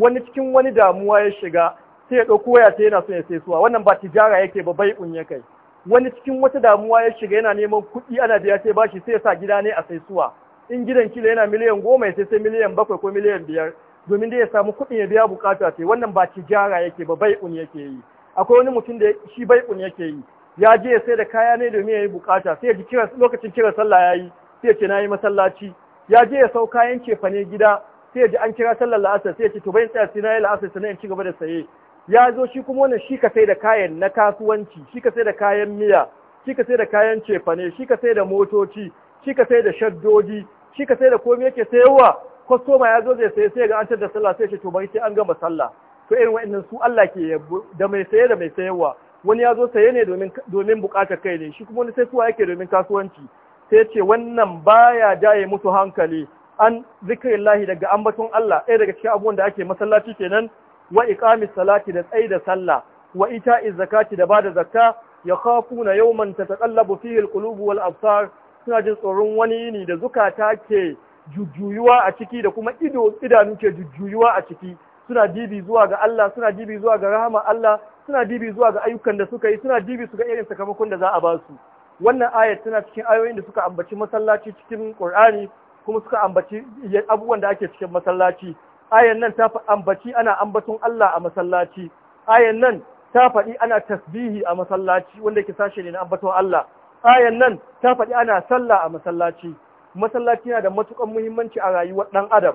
wani cikin wani damuwa ya shiga sai ya ɗauko waya sai yana so ya sai suwa wannan ba tijara yake ba bai'un ya kai wani cikin wata damuwa ya shiga yana neman kuɗi ana biya sai bashi sai ya sa gida ne a sai suwa in gidan kila yana miliyan goma ya sai sai miliyan bakwai ko miliyan biyar domin dai ya samu kuɗin ya biya bukata sai wannan ba tijara yake ba bai'un yake yi akwai wani mutum da shi kun yake yi ya je ya sai da kaya ne domin ya yi bukata sai ya ji kira lokacin kira sallah ya yi sai ya ce na yi masallaci ya je ya sau kayan cefa ne gida sai ya ji an kira sallar la'asar sai ya ce to bai tsaya sai na yi la'asar sai na ci gaba da saye ya zo shi kuma wannan shi ka sai da kayan na kasuwanci shi ka sai da kayan miya shi ka sai da kayan cefa ne shi ka sai da motoci shi ka sai da shaddoji shi ka sai da komai yake sayarwa kwastoma ya zo zai saye sai ga an da sallah sai ya ce to bai sai an gama sallah to irin wa'annan su Allah ke yabo da mai saye da mai sayarwa wani ya zo saye ne domin bukatar kai ne shi kuma wani sai suwa yake domin kasuwanci sai ce wannan baya jaye musu hankali an zikirin lahi daga ambaton Allah ɗaya daga cikin abubuwan da ake masallaci kenan wa iqamis salati da tsayi da sallah wa ita'iz zakati da bada zakka ya yakhafuna yawman tataqallabu fihi alqulubu wal absar suna jin tsoron wani yini da zukata ke jujjuyuwa a ciki da kuma ido idanu ke jujjuyuwa a ciki suna dibi zuwa ga Allah suna dibi zuwa ga rahama Allah suna dibi zuwa ga ayyukan da suka yi suna dibi su ga irin sakamakon da za a ba su wannan ayat tana cikin ayoyin da suka ambaci masallaci cikin Qur'ani kuma suka ambaci abubuwan da ake cikin masallaci ayan nan ta ambaci ana ambaton Allah a masallaci ayan nan ta faɗi ana tasbihi a masallaci wanda yake sashe ne na ambaton Allah ayan nan ta faɗi ana sallah a masallaci masallaci yana da matukan muhimmanci a rayuwar ɗan adam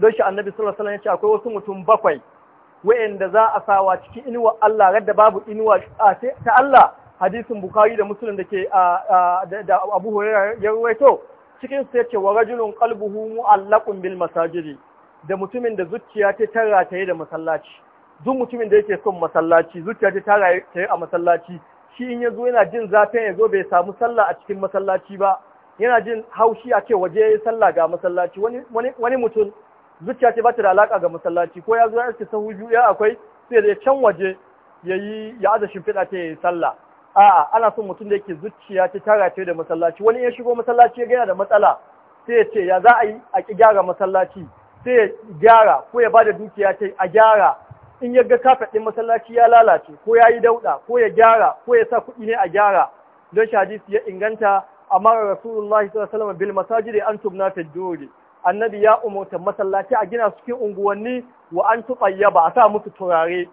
don shi annabi sallallahu alaihi wasallam ya ce akwai wasu mutum bakwai wa'anda za a sawa cikin inuwa Allah radda babu inuwa ta Allah hadisin Bukhari da Muslim da da Abu Hurairah ya rawaito cikin su yace wa rajulun qalbuhu mu'allaqun bil masajidi da mutumin da zuciya ta tara ta da masallaci duk mutumin da yake son masallaci zuciya ta tara ta a masallaci shi in yazo yana jin zafin yazo bai samu sallah a cikin masallaci ba yana jin haushi a ce waje ya yi sallah ga masallaci wani wani mutum zuciya ce ba ta da alaka ga masallaci ko ya zo ya san wuju ya akwai sai da can waje yayi ya aza shimfiɗa ta yayi sallah a'a ana son mutum da yake zuciya ta tara ta da masallaci wani ya shigo masallaci ya gaya da matsala sai ya ce ya za a yi a ki gyara masallaci sai ya gyara ko ya bada dukiya ta a gyara in ya ga kafet ɗin masallaci ya lalace ko ya yi dauɗa ko ya gyara ko ya sa kuɗi ne a gyara don shi hadisi ya inganta amma rasulullahi sallallahu alaihi wasallam bil masajidi antum na fi annabi ya umarta masallaci a gina su cikin unguwanni wa an Ba a sa musu turare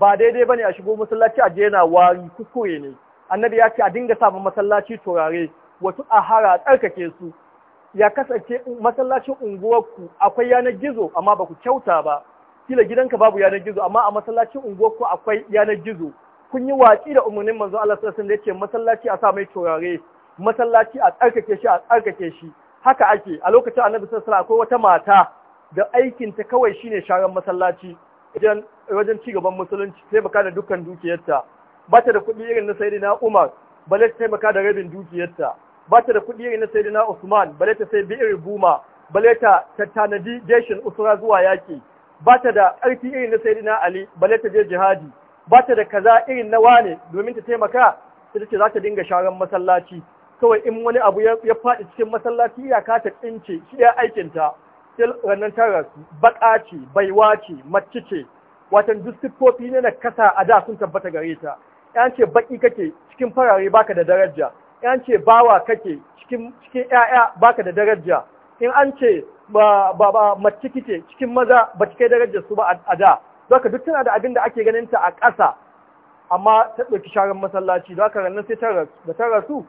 ba daidai ba ne a shigo masallaci a jena wari kuskure ne annabi ya ce a dinga sa masallaci turare wasu a ahara tsarkake su ya kasance masallacin unguwarku akwai yanar gizo amma ba ku kyauta ba kila gidanka babu yanar gizo amma a masallacin unguwarku akwai yanar gizo kun yi watsi da umarnin manzo Allah sallallahu alaihi wasallam da yake masallaci a sa mai turare masallaci a tsarkake shi a tsarkake shi haka ake a lokacin annabi sallallahu akwai wata mata da aikin ta kawai shine sharan masallaci wajen ci gaban musulunci taimaka da dukkan dukiyarta ba ta da kuɗi irin na sayyidina Umar bale ta taimaka da rabin dukiyarta ba ta da kuɗi irin na sayyidina Usman bale ta sai bi'ir buma bale ta tattanadi jeshin usra zuwa yaki ba ta da ƙarfi irin na sayyidina Ali bale ta je jihadi ba ta da kaza irin na wane domin ta taimaka sai ta ce za ta dinga sharan masallaci kawai in wani abu ya faɗi cikin masallaci iyaka ta tsince shi ya aikinta sai rannan ta rasu baƙa ce baiwa ce mace ce watan duk siffofi ne na kasa a da sun tabbata gare ta yan ce baƙi kake cikin farare baka da daraja yan ce bawa kake cikin cikin ƴaƴa baka da daraja in an ce ba ba mace kike cikin maza ba kai darajar su ba a da zaka duk tana da abin da ake ganin ta a ƙasa amma ta ɗauki sharan masallaci da rannan sai ta rasu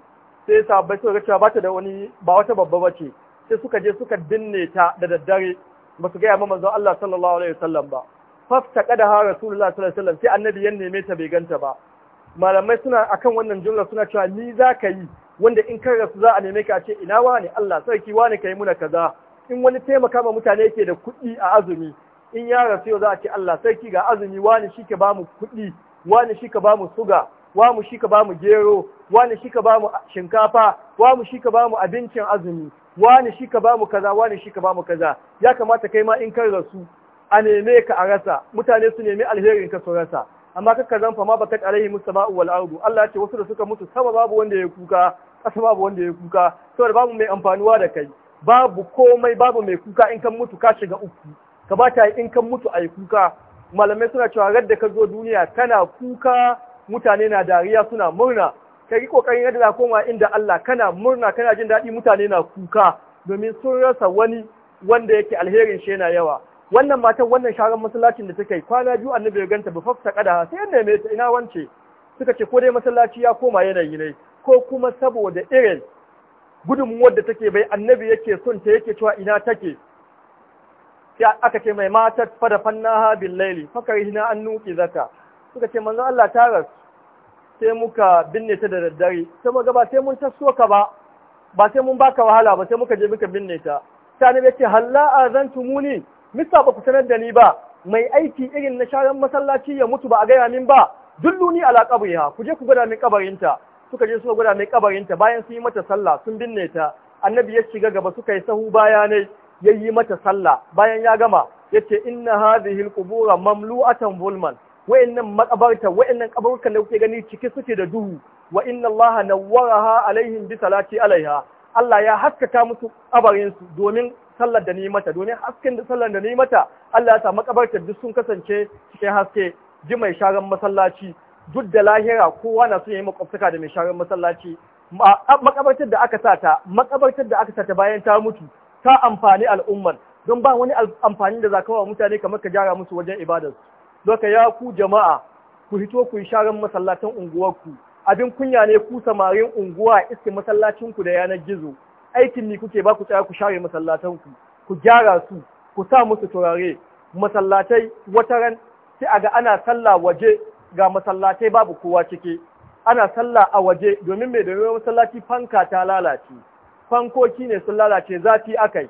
sai sabai suka ga cewa ba ta da wani ba wata babba ba ce. sai suka je suka binne ta da daddare ba su gaya ma manzon Allah sallallahu alaihi wasallam ba fafta kada ha rasulullah sallallahu alaihi wasallam sai annabi ya neme ta bai ganta ba malamai suna akan wannan jumla suna cewa ni za ka yi wanda in ka rasu za a neme ka a ce ina wani Allah sarki wani kai muna kaza in wani taimaka ma mutane yake da kuɗi a azumi in ya rasu yau za a ce Allah sarki ga azumi wani shi ka ba mu kuɗi wani shi ka ba mu suga wa mu shi ka mu gero wani shi ka mu shinkafa wa mu shi ka mu abincin azumi wani shi ka bamu kaza wani shi ka kaza ya kamata kai ma in kan rasu a neme ka a rasa mutane su nemi alherin ka su rasa amma kakka zan fama bakat alaihi musama'u wal ardu Allah ya ce wasu da suka mutu sama babu wanda ya kuka ƙasa babu wanda ya kuka saboda babu mai amfanuwa da kai babu komai babu mai kuka in kan mutu ka shiga uku ka ba in kan mutu a yi kuka malamai suna cewa radda ka zo duniya kana kuka mutane na dariya suna murna Kai yi kokarin yadda za koma inda Allah kana murna kana jin daɗi mutane na kuka domin sun rasa wani wanda yake alherin shi yana yawa wannan matan wannan sharan masallacin da take kwana biyu annabi ya ganta ba fafta kada sai yanda mai ina wance suka ce ko dai masallaci ya koma yanayi ne ko kuma saboda irin gudunmuwar da take bai annabi yake son ta yake cewa ina take sai aka ce mai matar fada fannaha bil laili fakar hina an nuki zaka suka ce manzo Allah ta rasu sai muka binne ta da daddare sai muka ba sai mun tasso ka ba ba sai mun baka wahala ba sai muka je muka binne ta sai annabi yace halla azantumuni misa ba ku sanar da ni ba mai aiki irin na sharan masallaci ya mutu ba a gaya min ba dulluni ala qabriha ku je ku gwada min kabarinta suka je suka gwada min kabarinta bayan sun yi mata sallah sun binne ta annabi ya shiga gaba suka yi sahu bayanai, ya yi mata sallah bayan ya gama yace inna hadhihi alqubura mamlu'atan zulman wayannan makabarta wayannan kabarukan da kuke gani ciki suke da duhu wa inna allaha nawwaraha alaihim bi salati alaiha Allah ya haskaka musu kabarin su domin sallar da ni mata domin hasken da sallar da ni mata Allah ya sa makabarta duk sun kasance cikin haske ji mai sharan masallaci duk da lahira kowa na son yi makwabtaka da mai sharan masallaci makabartar da aka sata makabartar da aka sata bayan ta mutu ta amfani al'ummar don ba wani amfani da zakawa mutane kamar ka gyara musu wajen ibadarsu Doka ya ku jama'a, ku hito ku yi sharan masallacin unguwarku, abin kunya ne ku samarin unguwa iske masallacinku da yanar gizo, aikin ni kuke ba ku tsaya ku share masallatanku, ku gyara su, ku sa musu turare, masallatai ran sai a ga ana sallah waje ga masallatai babu kowa cike ana sallah a waje domin mai domin masallaci fanka ta lalace, fankoki ne sun lalace zafi akai.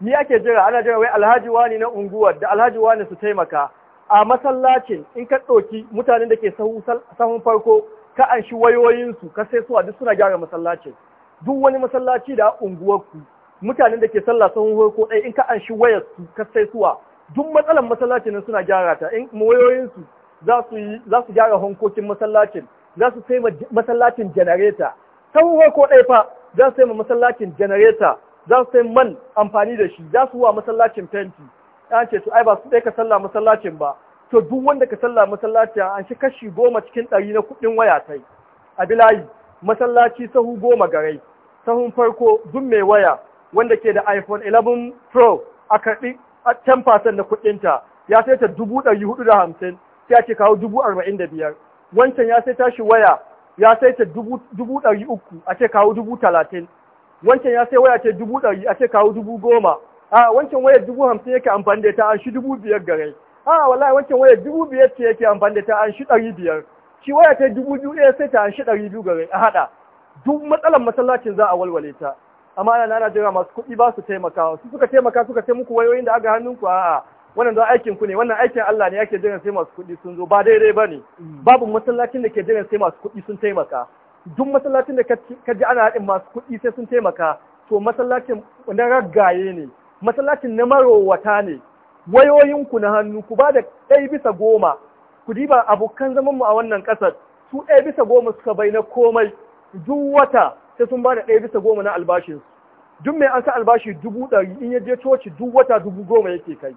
Ni ake jira, ana jira wai alhaji wani na unguwar da alhaji wani su taimaka, a masallacin in ka ɗauki mutanen da ke sahun farko ka an shi wayoyinsu ka sai suwa duk suna gyara masallacin duk wani masallaci da unguwarku mutanen da ke sallah sahun farko ɗaya in ka an shi wayarsu ka sai suwa duk matsalan masallacin nan suna gyara ta in wayoyinsu za su gyara hankokin masallacin za su sai masallacin janareta sahun farko ɗaya fa za su sai masallacin janareta za su sai man amfani da shi za su wa masallacin fenti an ce su ai ba su dai ka sallah masallacin ba to duk wanda ka sallah masallacin an shi kashi goma cikin ɗari na kuɗin waya tai a bilayi masallaci sahu goma garai sahun farko duk mai waya wanda ke da iPhone 11 Pro a karɓi a 10% na kuɗinta ya sai ta dubu ɗari hudu da hamsin sai a ce kawo dubu arba'in da biyar wancan ya sai tashi waya ya sai ta dubu ɗari uku a ce kawo dubu talatin wancan ya sai waya ce dubu ɗari a ce kawo dubu goma a wancan wayar dubu hamsin yake amfani da ta an shi dubu biyar gare a wallahi wancan wayar dubu biyar ce yake amfani da ta an shi ɗari biyar shi waya ta dubu biyu ɗaya sai ta an shi ɗari biyu gare a haɗa duk matsalar masallacin za a walwale ta amma ana nana jira masu kuɗi ba su taimaka su suka taimaka suka sai muku wayoyin da aga hannunku a'a wannan don aikin ku ne wannan aikin Allah ne yake jiran sai masu kuɗi sun zo ba daidai ba ne mm. babu masallacin da ke jiran sai masu kuɗi sun taimaka duk masallacin da ka ji ana haɗin masu kuɗi sai sun taimaka to masallacin na ragaye ne masallacin na marowata ne wayoyinku na hannu ku ba da ɗaya bisa goma ku diba abokan zamanmu a wannan ƙasar su ɗaya bisa goma suka bai na komai duk wata sai sun ba da ɗaya bisa goma na albashin duk mai an sa albashi dubu ɗari in ya je coci duk wata dubu goma yake kai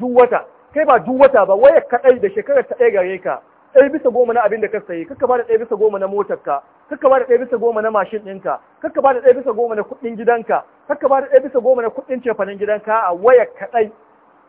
duk wata kai ba duk wata ba waya kaɗai da shekarar ta ɗaya gare ka ɗaya bisa goma na abin da ka sayi kakka ba da ɗaya bisa goma na motarka kakka ba da ɗaya bisa goma na mashin ɗinka kakka ba da ɗaya bisa goma na kuɗin gidanka kakka ba da ɗaya bisa goma na kuɗin cefanen gidanka a waya kaɗai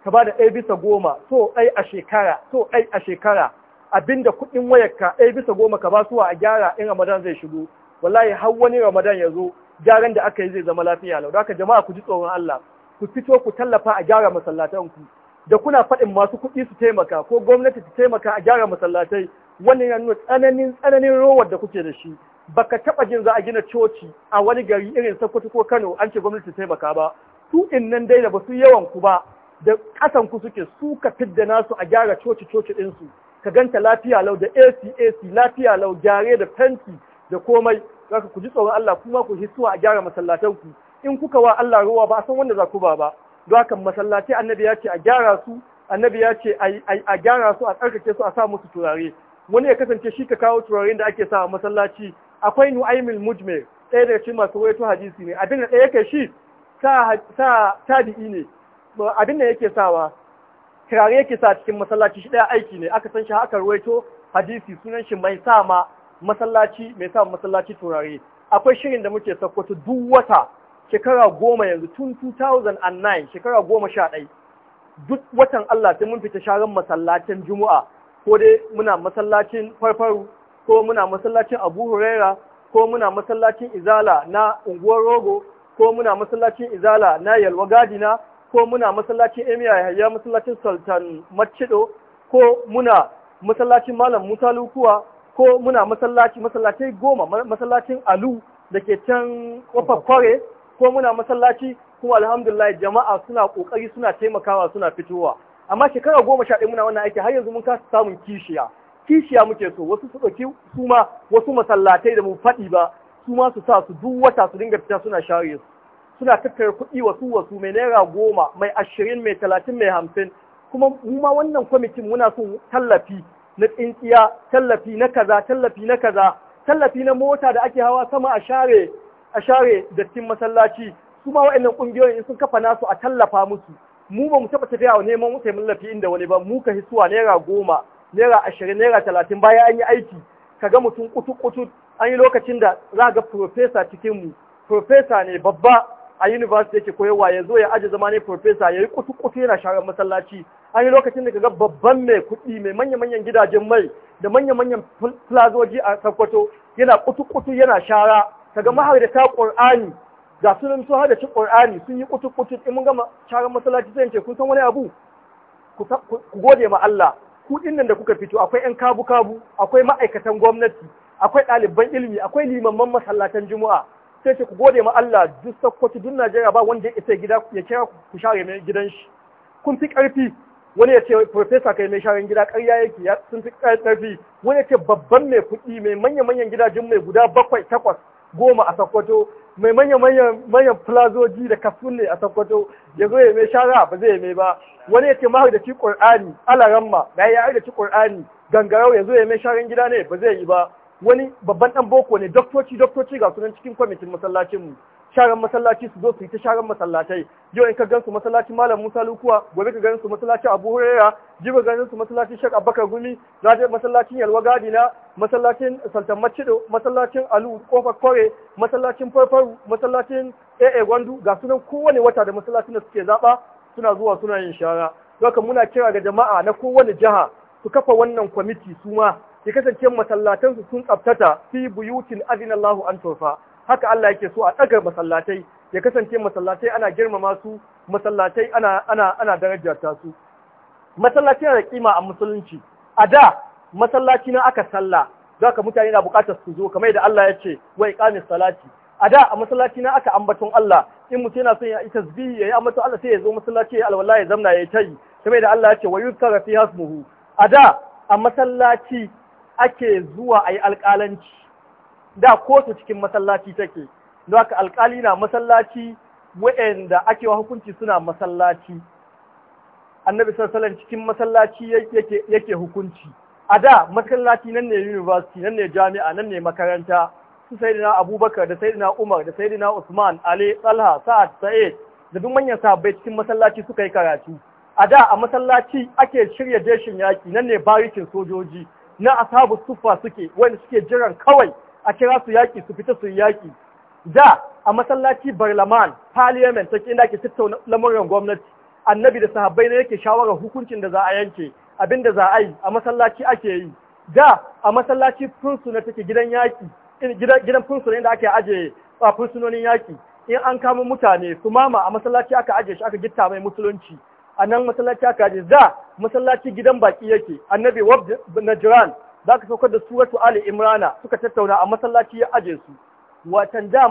ka ba da ɗaya bisa goma so ɗai a shekara so ɗai a shekara abinda kuɗin wayarka ɗaya bisa goma ka ba suwa a gyara in ramadan zai shigo wallahi har wani ramadan ya zo gyaran da aka yi zai zama lafiya lau da jama'a ku ji tsoron Allah ku fito ku tallafa a gyara masallatanku da kuna faɗin masu kuɗi su taimaka ko gwamnati su taimaka a gyara masallatai wannan yana nuna tsananin tsananin rowar da kuke da shi baka taɓa jin za a gina coci a wani gari irin Sokoto ko Kano an ce gwamnati su taimaka ba su nan dai da basu yawan ku ba da ƙasan ku suke su ka fidda nasu a gyara coci coci ɗinsu ka ganta lafiya lau da AC AC lafiya lau gyare da fenti da komai zaka ku ji tsoron Allah kuma ku hisuwa a gyara masallatanku in kuka wa Allah ruwa ba a san wanda za ku ba ba don masallaci annabi ya ce a gyara su annabi ya ce a gyara su a tsarkake su a sa musu turare wani ya kasance shi ka kawo turaren da ake sa a masallaci akwai nu'aimil mujmir ɗaya daga cikin masu waito hadisi ne abin da ɗaya shi sa tabi'i ne abin da yake sawa turare yake sa cikin masallaci shi ɗaya aiki ne aka san shi haka ruwaito hadisi sunan shi mai sa ma masallaci mai sa masallaci turare akwai shirin da muke sakwato duk wata shekara goma yanzu tun 2009 shekara goma sha ɗai duk watan Allah sai mun fita sharan masallacin Juma'a ko dai muna masallacin farfaru ko muna masallacin Abu Huraira ko muna masallacin Izala na unguwar Rogo ko muna masallacin Izala na Yalwa Gadina ko muna masallacin Emiya Yahya masallacin Sultan Macido ko muna masallacin Malam Musa Lukuwa ko muna masallaci masallacin Goma masallacin Alu da ke can kofar kware ko muna masallaci kuma alhamdulillah jama'a suna kokari suna taimakawa suna fitowa amma shekara goma sha ɗaya muna wannan aiki har yanzu mun kasa samun kishiya kishiya muke so wasu su ɗauki kuma wasu masallatai da mun faɗi ba su ma su sa su duk wata su dinga fita suna share su suna tattara kuɗi wasu wasu mai naira goma mai ashirin mai talatin mai hamsin kuma mu ma wannan kwamitin muna son tallafi na tsintsiya tallafi na kaza tallafi na kaza tallafi na mota da ake hawa sama a share a share dattin masallaci kuma waɗannan wa'annan ƙungiyoyin sun kafa nasu a tallafa musu mu ba mu taɓa tafiya neman mu mallafi inda wani ba mu ka hisuwa naira goma naira ashirin naira talatin bayan an yi aiki ka ga mutum kutu-kutu an yi lokacin da za ga profesa mu profesa ne babba a university yake koyarwa ya zo ya aji zama ne profesa ya yi kutu-kutu yana sharar masallaci an yi lokacin da ka ga babban mai kuɗi mai manya-manyan gidajen mai da manya-manyan plazoji a sakwato yana kutu-kutu yana shara kaga mahaddata ƙur'ani, ga sunan sun hada ci sun yi kutu kutu in mun gama sharan masallaci sai ce kun san wani abu ku gode ma Allah ku dinnan da kuka fito akwai yan kabu kabu akwai ma'aikatan gwamnati akwai ɗaliban ilimi akwai limamman masallatan juma'a sai ce ku gode ma Allah duk sakkwaci duk Najeriya ba wanda ya isa gida ya kira ku share mai gidan shi kun fi ƙarfi wani ya ce profesa kai mai sharan gida ƙarya yake sun fi ƙarfi wani ya ce babban mai kuɗi mai manya-manyan gidajen mai guda bakwai takwas goma a Sokoto mai manyan filazoji da kasu ne a Sokoto ya zo ya mai shara ba zai mai ba wani ya ce mahar da ci ƙur'ani, alaramma da ya yi da ci ƙur'ani. gangarau ya zo ya mai sharan gida ne ba zai yi ba wani babban ɗan boko ne doktoci doktoci ga sunan cikin kwamitin masallacinmu. sharan masallaci su zo su yi ta sharan masallatai yau in ka gansu masallaci malam musa lukuwa gobe ka gan su masallaci abu hurera jiba ganin su masallacin shek abubakar gumi na je masallacin yalwa gadina masallacin sultan macido masallacin alu kofar kore masallacin farfaru masallacin aa gwandu ga sunan kowane wata da masallacin da suke zaba suna zuwa suna yin shara haka muna kira ga jama'a na kowane jiha su kafa wannan kwamiti su ma ya kasance masallatansu sun tsaftata fi buyutin azinallahu an turfa haka Allah yake so a tsakar masallatai ya kasance masallatai ana girmama su masallatai ana ana ana su masallaci yana da kima a musulunci a da masallaci na aka sallah zaka mutane na bukatar su zo kamar da Allah ya ce wai iqamis salati a da a masallaci na aka ambaton Allah in mutum yana son ya yi tasbihi ya yi ambaton Allah sai ya zo masallaci ya alwala ya zamna ya yi tayi kamar da Allah ya ce wa yuzkara fi hasmuhu a da a masallaci ake zuwa a yi alƙalanci da kotu cikin masallaci take don haka alkali na masallaci wa'anda ake wa hukunci suna masallaci annabi sallallahu cikin masallaci yake yake hukunci a da masallaci nan ne university nan ne jami'a nan ne makaranta su sayyidina abubakar da sayyidina umar da sayyidina usman ali talha sa'ad sa'id da duk manyan sahabbai cikin masallaci suka yi karatu a da a masallaci ake shirya deshin yaki nan ne barikin sojoji na ashabu sufa suke wanda suke jiran kawai a kira su yaƙi su fita su yaƙi. da a masallaci barlaman parliament take inda ke tattauna lamuran gwamnati annabi da sahabbai ne yake shawarar hukuncin da za a yanke abin da za a yi a masallaci ake yi da a masallaci fursuna take gidan yaƙi. gidan fursuna inda ake aje a fursunonin yaƙi. in an kama mutane su mama a masallaci aka aje shi aka gitta mai musulunci a nan masallaci aka aje da masallaci gidan baki yake annabi wab najran za ka saukar da suratu Ali Imrana suka tattauna a masallaci ya aje su. Watan da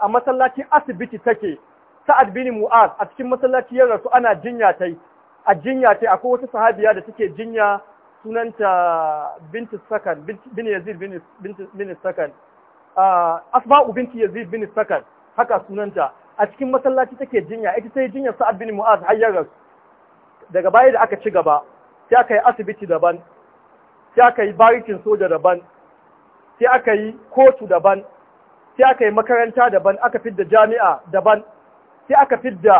a masallacin asibiti take Sa'ad bin Mu'az a cikin masallaci ya rasu ana jinya tai. A jinya tai akwai wata sahabiya da take jinya sunanta binti Sakan bin Yazid bin Sakan. Asma'u binti Yazid bin Sakan haka sunanta a cikin masallaci take jinya ita yi jinya Sa'ad bin Mu'az har ya rasu. Daga baya da aka ci gaba sai aka yi asibiti daban sai aka yi barikin soja daban sai aka yi kotu daban sai aka yi makaranta daban aka fidda jami'a daban sai aka fidda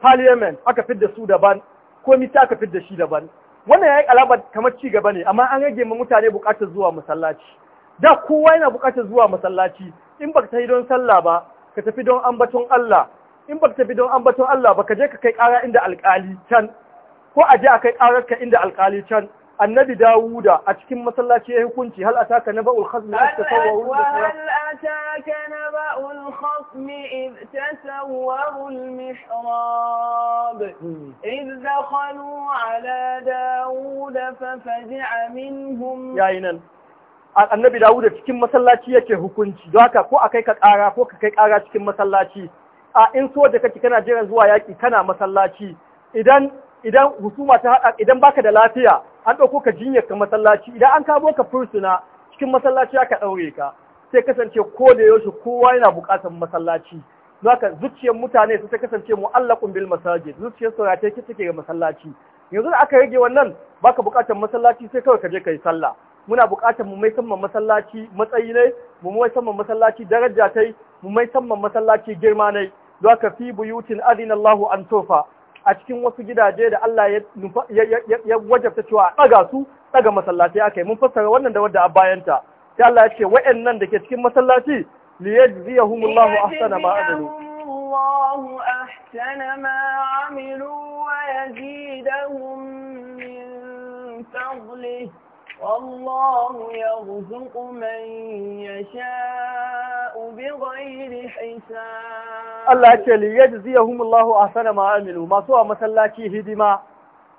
parliament aka fidda su daban komi sai aka fidda shi daban wannan yi alaba kamar ci gaba ne amma an rage ma mutane bukatar zuwa masallaci da kowa yana bukatar zuwa masallaci in baka tafi don sallah ba ka tafi don ambaton Allah in baka tafi don ambaton Allah ba ka je ka kai kara inda alkali can ko a je a kai karar inda alkali can annabi dawuda a cikin masallaci ya hukunci hal ataka naba'ul khasmi iz tasawwaru hal khasmi iz tasawwaru al mihrab da hmm. dakhalu yayinan annabi dawuda cikin masallaci yake hukunci don haka ko akai ka kara ko ka kai kara cikin masallaci a in so da kake kana jiran zuwa yaki kana masallaci idan idan husuma ta haɗa idan baka da lafiya an ɗauko ka jinyar ka masallaci idan an kamo ka fursuna cikin masallaci aka ɗaure ka sai kasance ko da yaushe kowa yana buƙatar masallaci haka zuciyar mutane su ta kasance mu'allaqun bil masajid zuciyar su ta suke ga masallaci yanzu da aka rage wannan baka buƙatar masallaci sai kawai ka je kai sallah muna buƙatar mu mai sanman masallaci matsayi ne mu mai sanman masallaci daraja tai mu mai sanman masallaci girma ne haka fi buyutin adina an tofa a cikin wasu gidaje da Allah ya wajabta cewa a ɗaga su ɗaga masallaci aka yi mun fassara wannan da wadda a bayanta sai Allah ya ce wa'annan da ke cikin masallaci Liye ahsana ma amilu الله أحسن ما والله يرزق من يشاء بغير حساب الله يقول Allah الله أحسن ما عملوا ما سوى مسلاتي هدما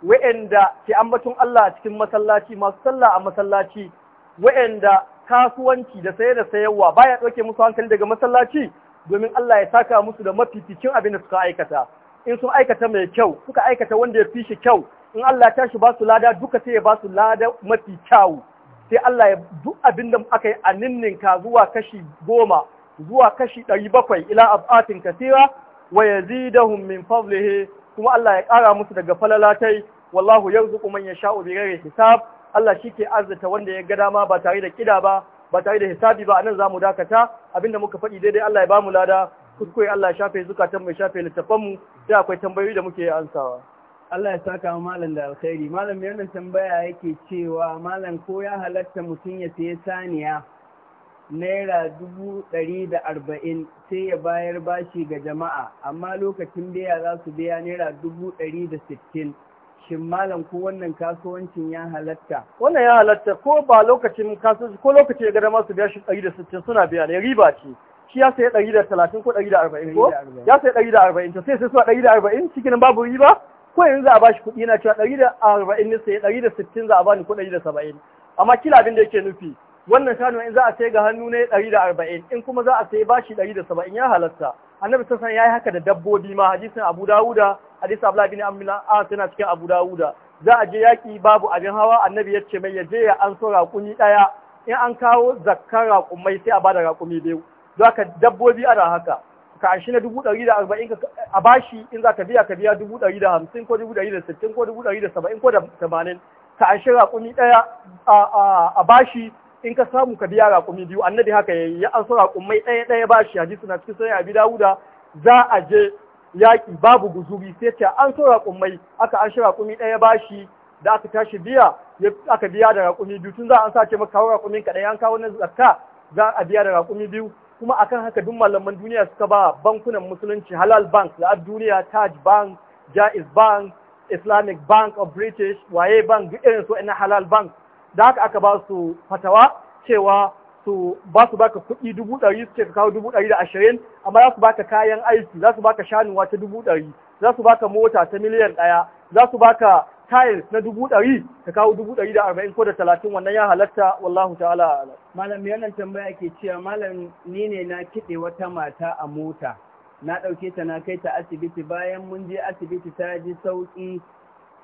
wa'anda ke ambaton Allah a cikin masallaci masu sallah a masallaci wa'anda kasuwanci da saye da sayarwa baya ɗauke musu hankali daga masallaci domin Allah ya saka musu da mafificin abin da suka aikata in sun aikata mai kyau suka aikata wanda ya fi shi kyau in Allah ya tashi ba su lada duka sai ya ba su lada mafi kyawu sai Allah ya duk abin da aka yi a ninninka zuwa kashi goma zuwa kashi ɗari bakwai ila ab'atin kasira wa da min fadlihi kuma Allah ya ƙara musu daga falalatai wallahu yarzuqu man yasha'u bighairi hisab Allah ke azzata wanda ya ga dama ba tare da kida ba ba tare da hisabi ba a anan zamu dakata abinda muka faɗi daidai Allah ya bamu lada kuskure Allah ya shafe zukatan mai shafe mu. sai akwai tambayoyi da muke ansawa Allah ya saka wa malam da alkhairi malam mai wannan tambaya yake cewa malam ko ya halatta mutum ya sayi saniya naira dubu ɗari da arba'in sai ya bayar bashi ga jama'a amma lokacin biya za su biya naira dubu ɗari da sittin shin malam ko wannan kasuwancin ya halatta wannan ya halatta ko ba lokacin kasuwanci ko lokacin ya ga masu su biya shi ɗari da sittin suna biya ne riba ce shi ya sayi ɗari da talatin ko ɗari da arba'in ko ya sayi ɗari da arba'in to sai sai suwa ɗari da arba'in cikin babu riba ko yanzu za a bashi kuɗi na cewa ɗari da arba'in ne sai ɗari da sittin za a bani ko ɗari da saba'in amma kila abin da yake nufi wannan shanu in za a sai ga hannu ne ɗari da arba'in in kuma za a sai bashi ɗari da saba'in ya halarta. annabi sassan ya yi haka da dabbobi ma hadisin abu dawuda hadisin abu an amina a tana cikin abu dawuda za a je yaƙi babu abin hawa annabi ya ce mai ya je ya an so raƙumi ɗaya in an kawo zakkara raƙumai sai a bada raƙumi biyu don haka dabbobi ana haka ka anshi na dubu ɗari da arba'in a bashi in za ka biya ka biya dubu ɗari da hamsin ko dubu ɗari da sittin ko dubu ɗari da saba'in ko da tamanin ka anshi raƙumi ɗaya a bashi in ka samu ka biya raƙumi biyu annabi haka yayi ya an so raƙumai ɗaya ɗaya bashi hadisi na cikin sunan abi dawuda za a je yaƙi babu guzuri sai ce an so raƙumai aka an shi raƙumi ɗaya bashi da aka tashi biya aka biya da raƙumi biyu tun za a sace maka kawo raƙumin ka ɗaya an kawo na zakka za a biya da raƙumi biyu kuma akan haka duk malaman duniya suka ba bankunan musulunci halal bank da duniya taj bank jaiz bank islamic bank of british waye bank duk irin su ina halal bank da haka aka ba su fatawa cewa su ba su baka kuɗi dubu ɗari su ka kawo dubu ɗari da ashirin amma za su baka kayan aiki za su baka shanuwa ta dubu ɗari za su baka mota ta miliyan ɗaya za su baka tiles na dubu ɗari ka kawo dubu ɗari da arba'in ko da talatin wannan ya halatta wallahu ta'ala malam yana tambaya ke cewa malam ni ne na kiɗe wata mata a mota na ɗauke ta na kai ta asibiti bayan mun je asibiti ta ji sauƙi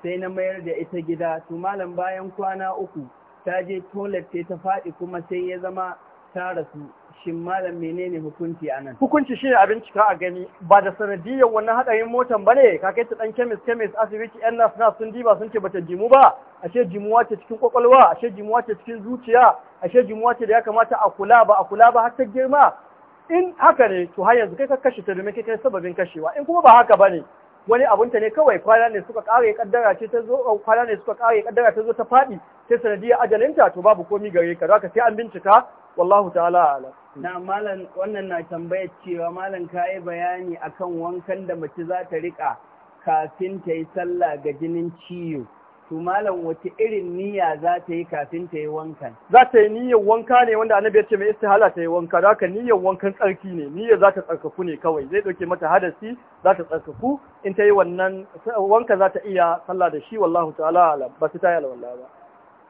sai na mayar da ita gida to malam bayan kwana uku ta je toilet sai ta faɗi kuma sai ya zama ta rasu shin malam menene hukunci anan hukunci shine a bincika a gani ba da sanadiyar wannan hadarin motan ne? ka kai ta dan kemis kemis asibiti yan nas nas sun diba sun ce bata jimu ba ashe jimuwa ce cikin kwakwalwa ashe jimuwa ce cikin zuciya ashe jimuwa ce da ya kamata a kula ba a kula ba har ta girma in haka ne to har yanzu kai ka kashe ta domin kai kai sababin kashewa in kuma ba haka bane wani abunta ne kawai kwana ne suka kare kaddara ce ta zo kwana ne suka kare kaddara ta zo ta faɗi sai sanadiyar ajalinta to babu komi gare ka zaka sai an bincika wallahu ta'ala ala na malam wannan na tambayar cewa malam ka bayani akan wankan da mace za ta rika kafin ta yi sallah ga jinin ciwo to malam wata irin niyya za ta yi kafin ta yi wankan za ta yi niyyar wanka ne wanda annabi ya ce mai istihala ta yi wanka da haka niyyar wankan tsarki ne niyyar za ta tsarkaku ne kawai zai dauke mata hadasi za ta tsarkaku in ta yi wannan wanka za ta iya sallah da shi wallahu ta'ala alam ba su ta yi alwala ba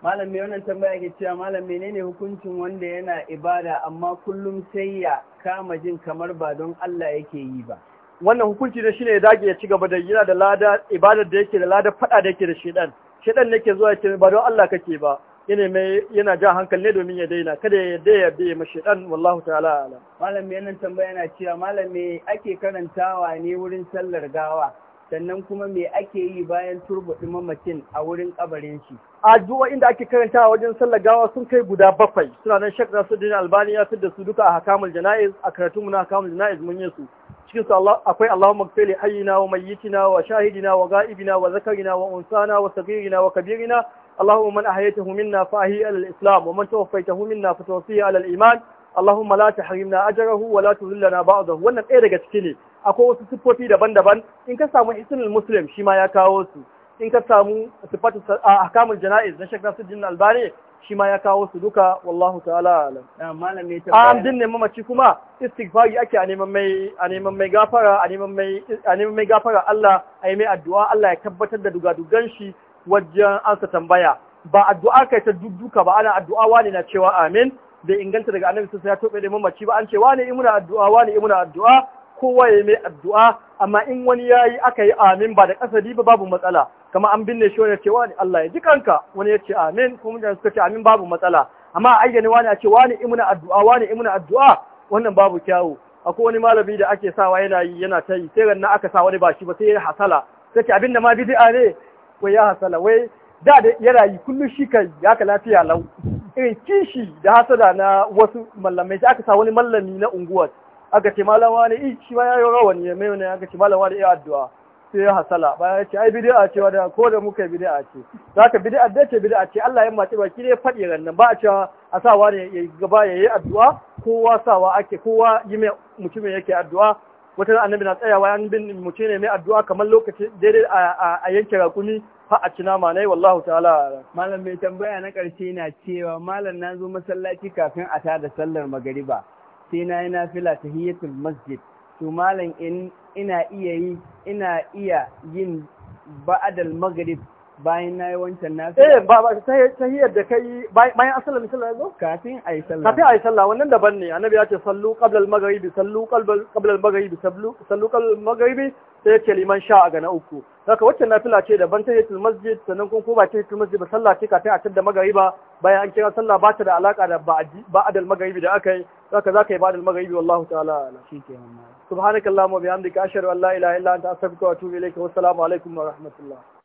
malam mai wannan tambaya ke cewa malam menene hukuncin wanda yana ibada amma kullum sai ya kama jin kamar ba don Allah yake yi ba wannan hukunci da shine ya dage ya ci gaba da yana da lada ibadar da yake da lada fada da yake da shedan shedan nake zuwa ce ba don Allah kake ba yana mai yana ja hankali ne domin ya daina kada ya yadda ya ma mashi dan wallahu ta'ala ala malam yana tambaya yana cewa malam ake karantawa ne wurin sallar gawa sannan kuma me ake yi bayan turbuɗi mamacin a wurin kabarin shi addu'a inda ake karantawa wajen sallar gawa sun kai guda bakwai suna nan shek nasuddin albani ya da su duka a hakamul jana'iz a karatunmu na hakamul jana'iz mun yi su cikin su akwai Allahumma gfir li hayyina wa mayyitina wa shahidina wa ga'ibina wa zakarina wa unsana wa sagirina wa kabirina اللهم من أحييته منا فأهي على الإسلام ومن توفيته منا فتوفيه على الإيمان اللهم لا تحرمنا أجره ولا تذلنا بعضه wannan ɗaya daga ciki ne akwai wasu siffofi daban-daban in ka samu isnul muslim shi ma ya kawo su in ka samu sifatu ahkamul janaiz na Sheikh Nasiruddin Albani shi ma ya kawo su duka wallahu ta'ala alam a amdin ne mamaci kuma istighfari ake a neman mai gafara a neman mai gafara Allah a yi mai addu'a Allah ya tabbatar da dugadugan shi wajen ansa tambaya ba addu'a kai ta duka ba ana addu'a wani na cewa amin da inganta daga annabi sai ya tobe da mamaci ba an ce wani in muna addu'a wani in muna addu'a kowa ya mai addu'a amma in wani yayi aka yi amin ba da kasadi ba babu matsala kama an binne shi wani ya ce wani Allah ya ji kanka wani ya ce amin kuma mutane suka ce amin babu matsala amma a ayyane wani a ce wani imuna addu'a wani imuna addu'a wannan babu kyawu akwai wani malami da ake sawa yana yi yana ta yi sai na aka sa wani ba shi ba sai ya hasala sai ce abin ma bid'a ne wai ya hasala wai da da yana yi kullum shi kai ya ka lafiya lau irin kishi da hasada na wasu mallamai sai aka sa wani mallami na unguwar aka ce malama ne eh, shi ma ya yi rawani ya mai wani aka ce malama ne ya addu'a sai ya hasala ya ce ai bid'a ce wa ko da muka bid'a ce zaka bid'a da ce bid'a ce Allah ya mace baki ne fadi rannan ba a cewa a sa wani ya gaba ya yi addu'a kowa sawa ake kowa yi mai mutumin yake addu'a wata annabi na tsayawa an bin mutum ne mai addu'a kamar lokaci daidai a yanke rakumi fa a cina ma nai wallahu ta'ala malam mai tambaya na karshe na cewa malam na zo masallaci kafin a tada sallar magariba sai na yi nafila tahiyatul masjid to malam in ina iya yi ina iya yin ba'adal maghrib bayan na yi wancan na eh ba ba tahiyar da kai bayan asalar misalla yazo kafin ayi sallah kafin ayi sallah wannan daban ne annabi ya ce sallu qabla al-maghrib sallu qabla al-maghrib sallu sallu qabla al-maghrib sai ya ce liman sha ga na uku haka waccan nafila ce daban tahiyatul masjid sannan kuma ko ba tahiyatul masjid ba sallah ce kafin a tada magariba bayan an kira sallah ba ta da alaka da ba'adal maghrib da aka yi saka zaka yi badal maghribi wallahu ta'ala ala shikenan subhanakallahumma bihamdika ashhadu an la ilaha illa anta astaghfiruka wa atubu ilayk wa assalamu alaikum wa rahmatullah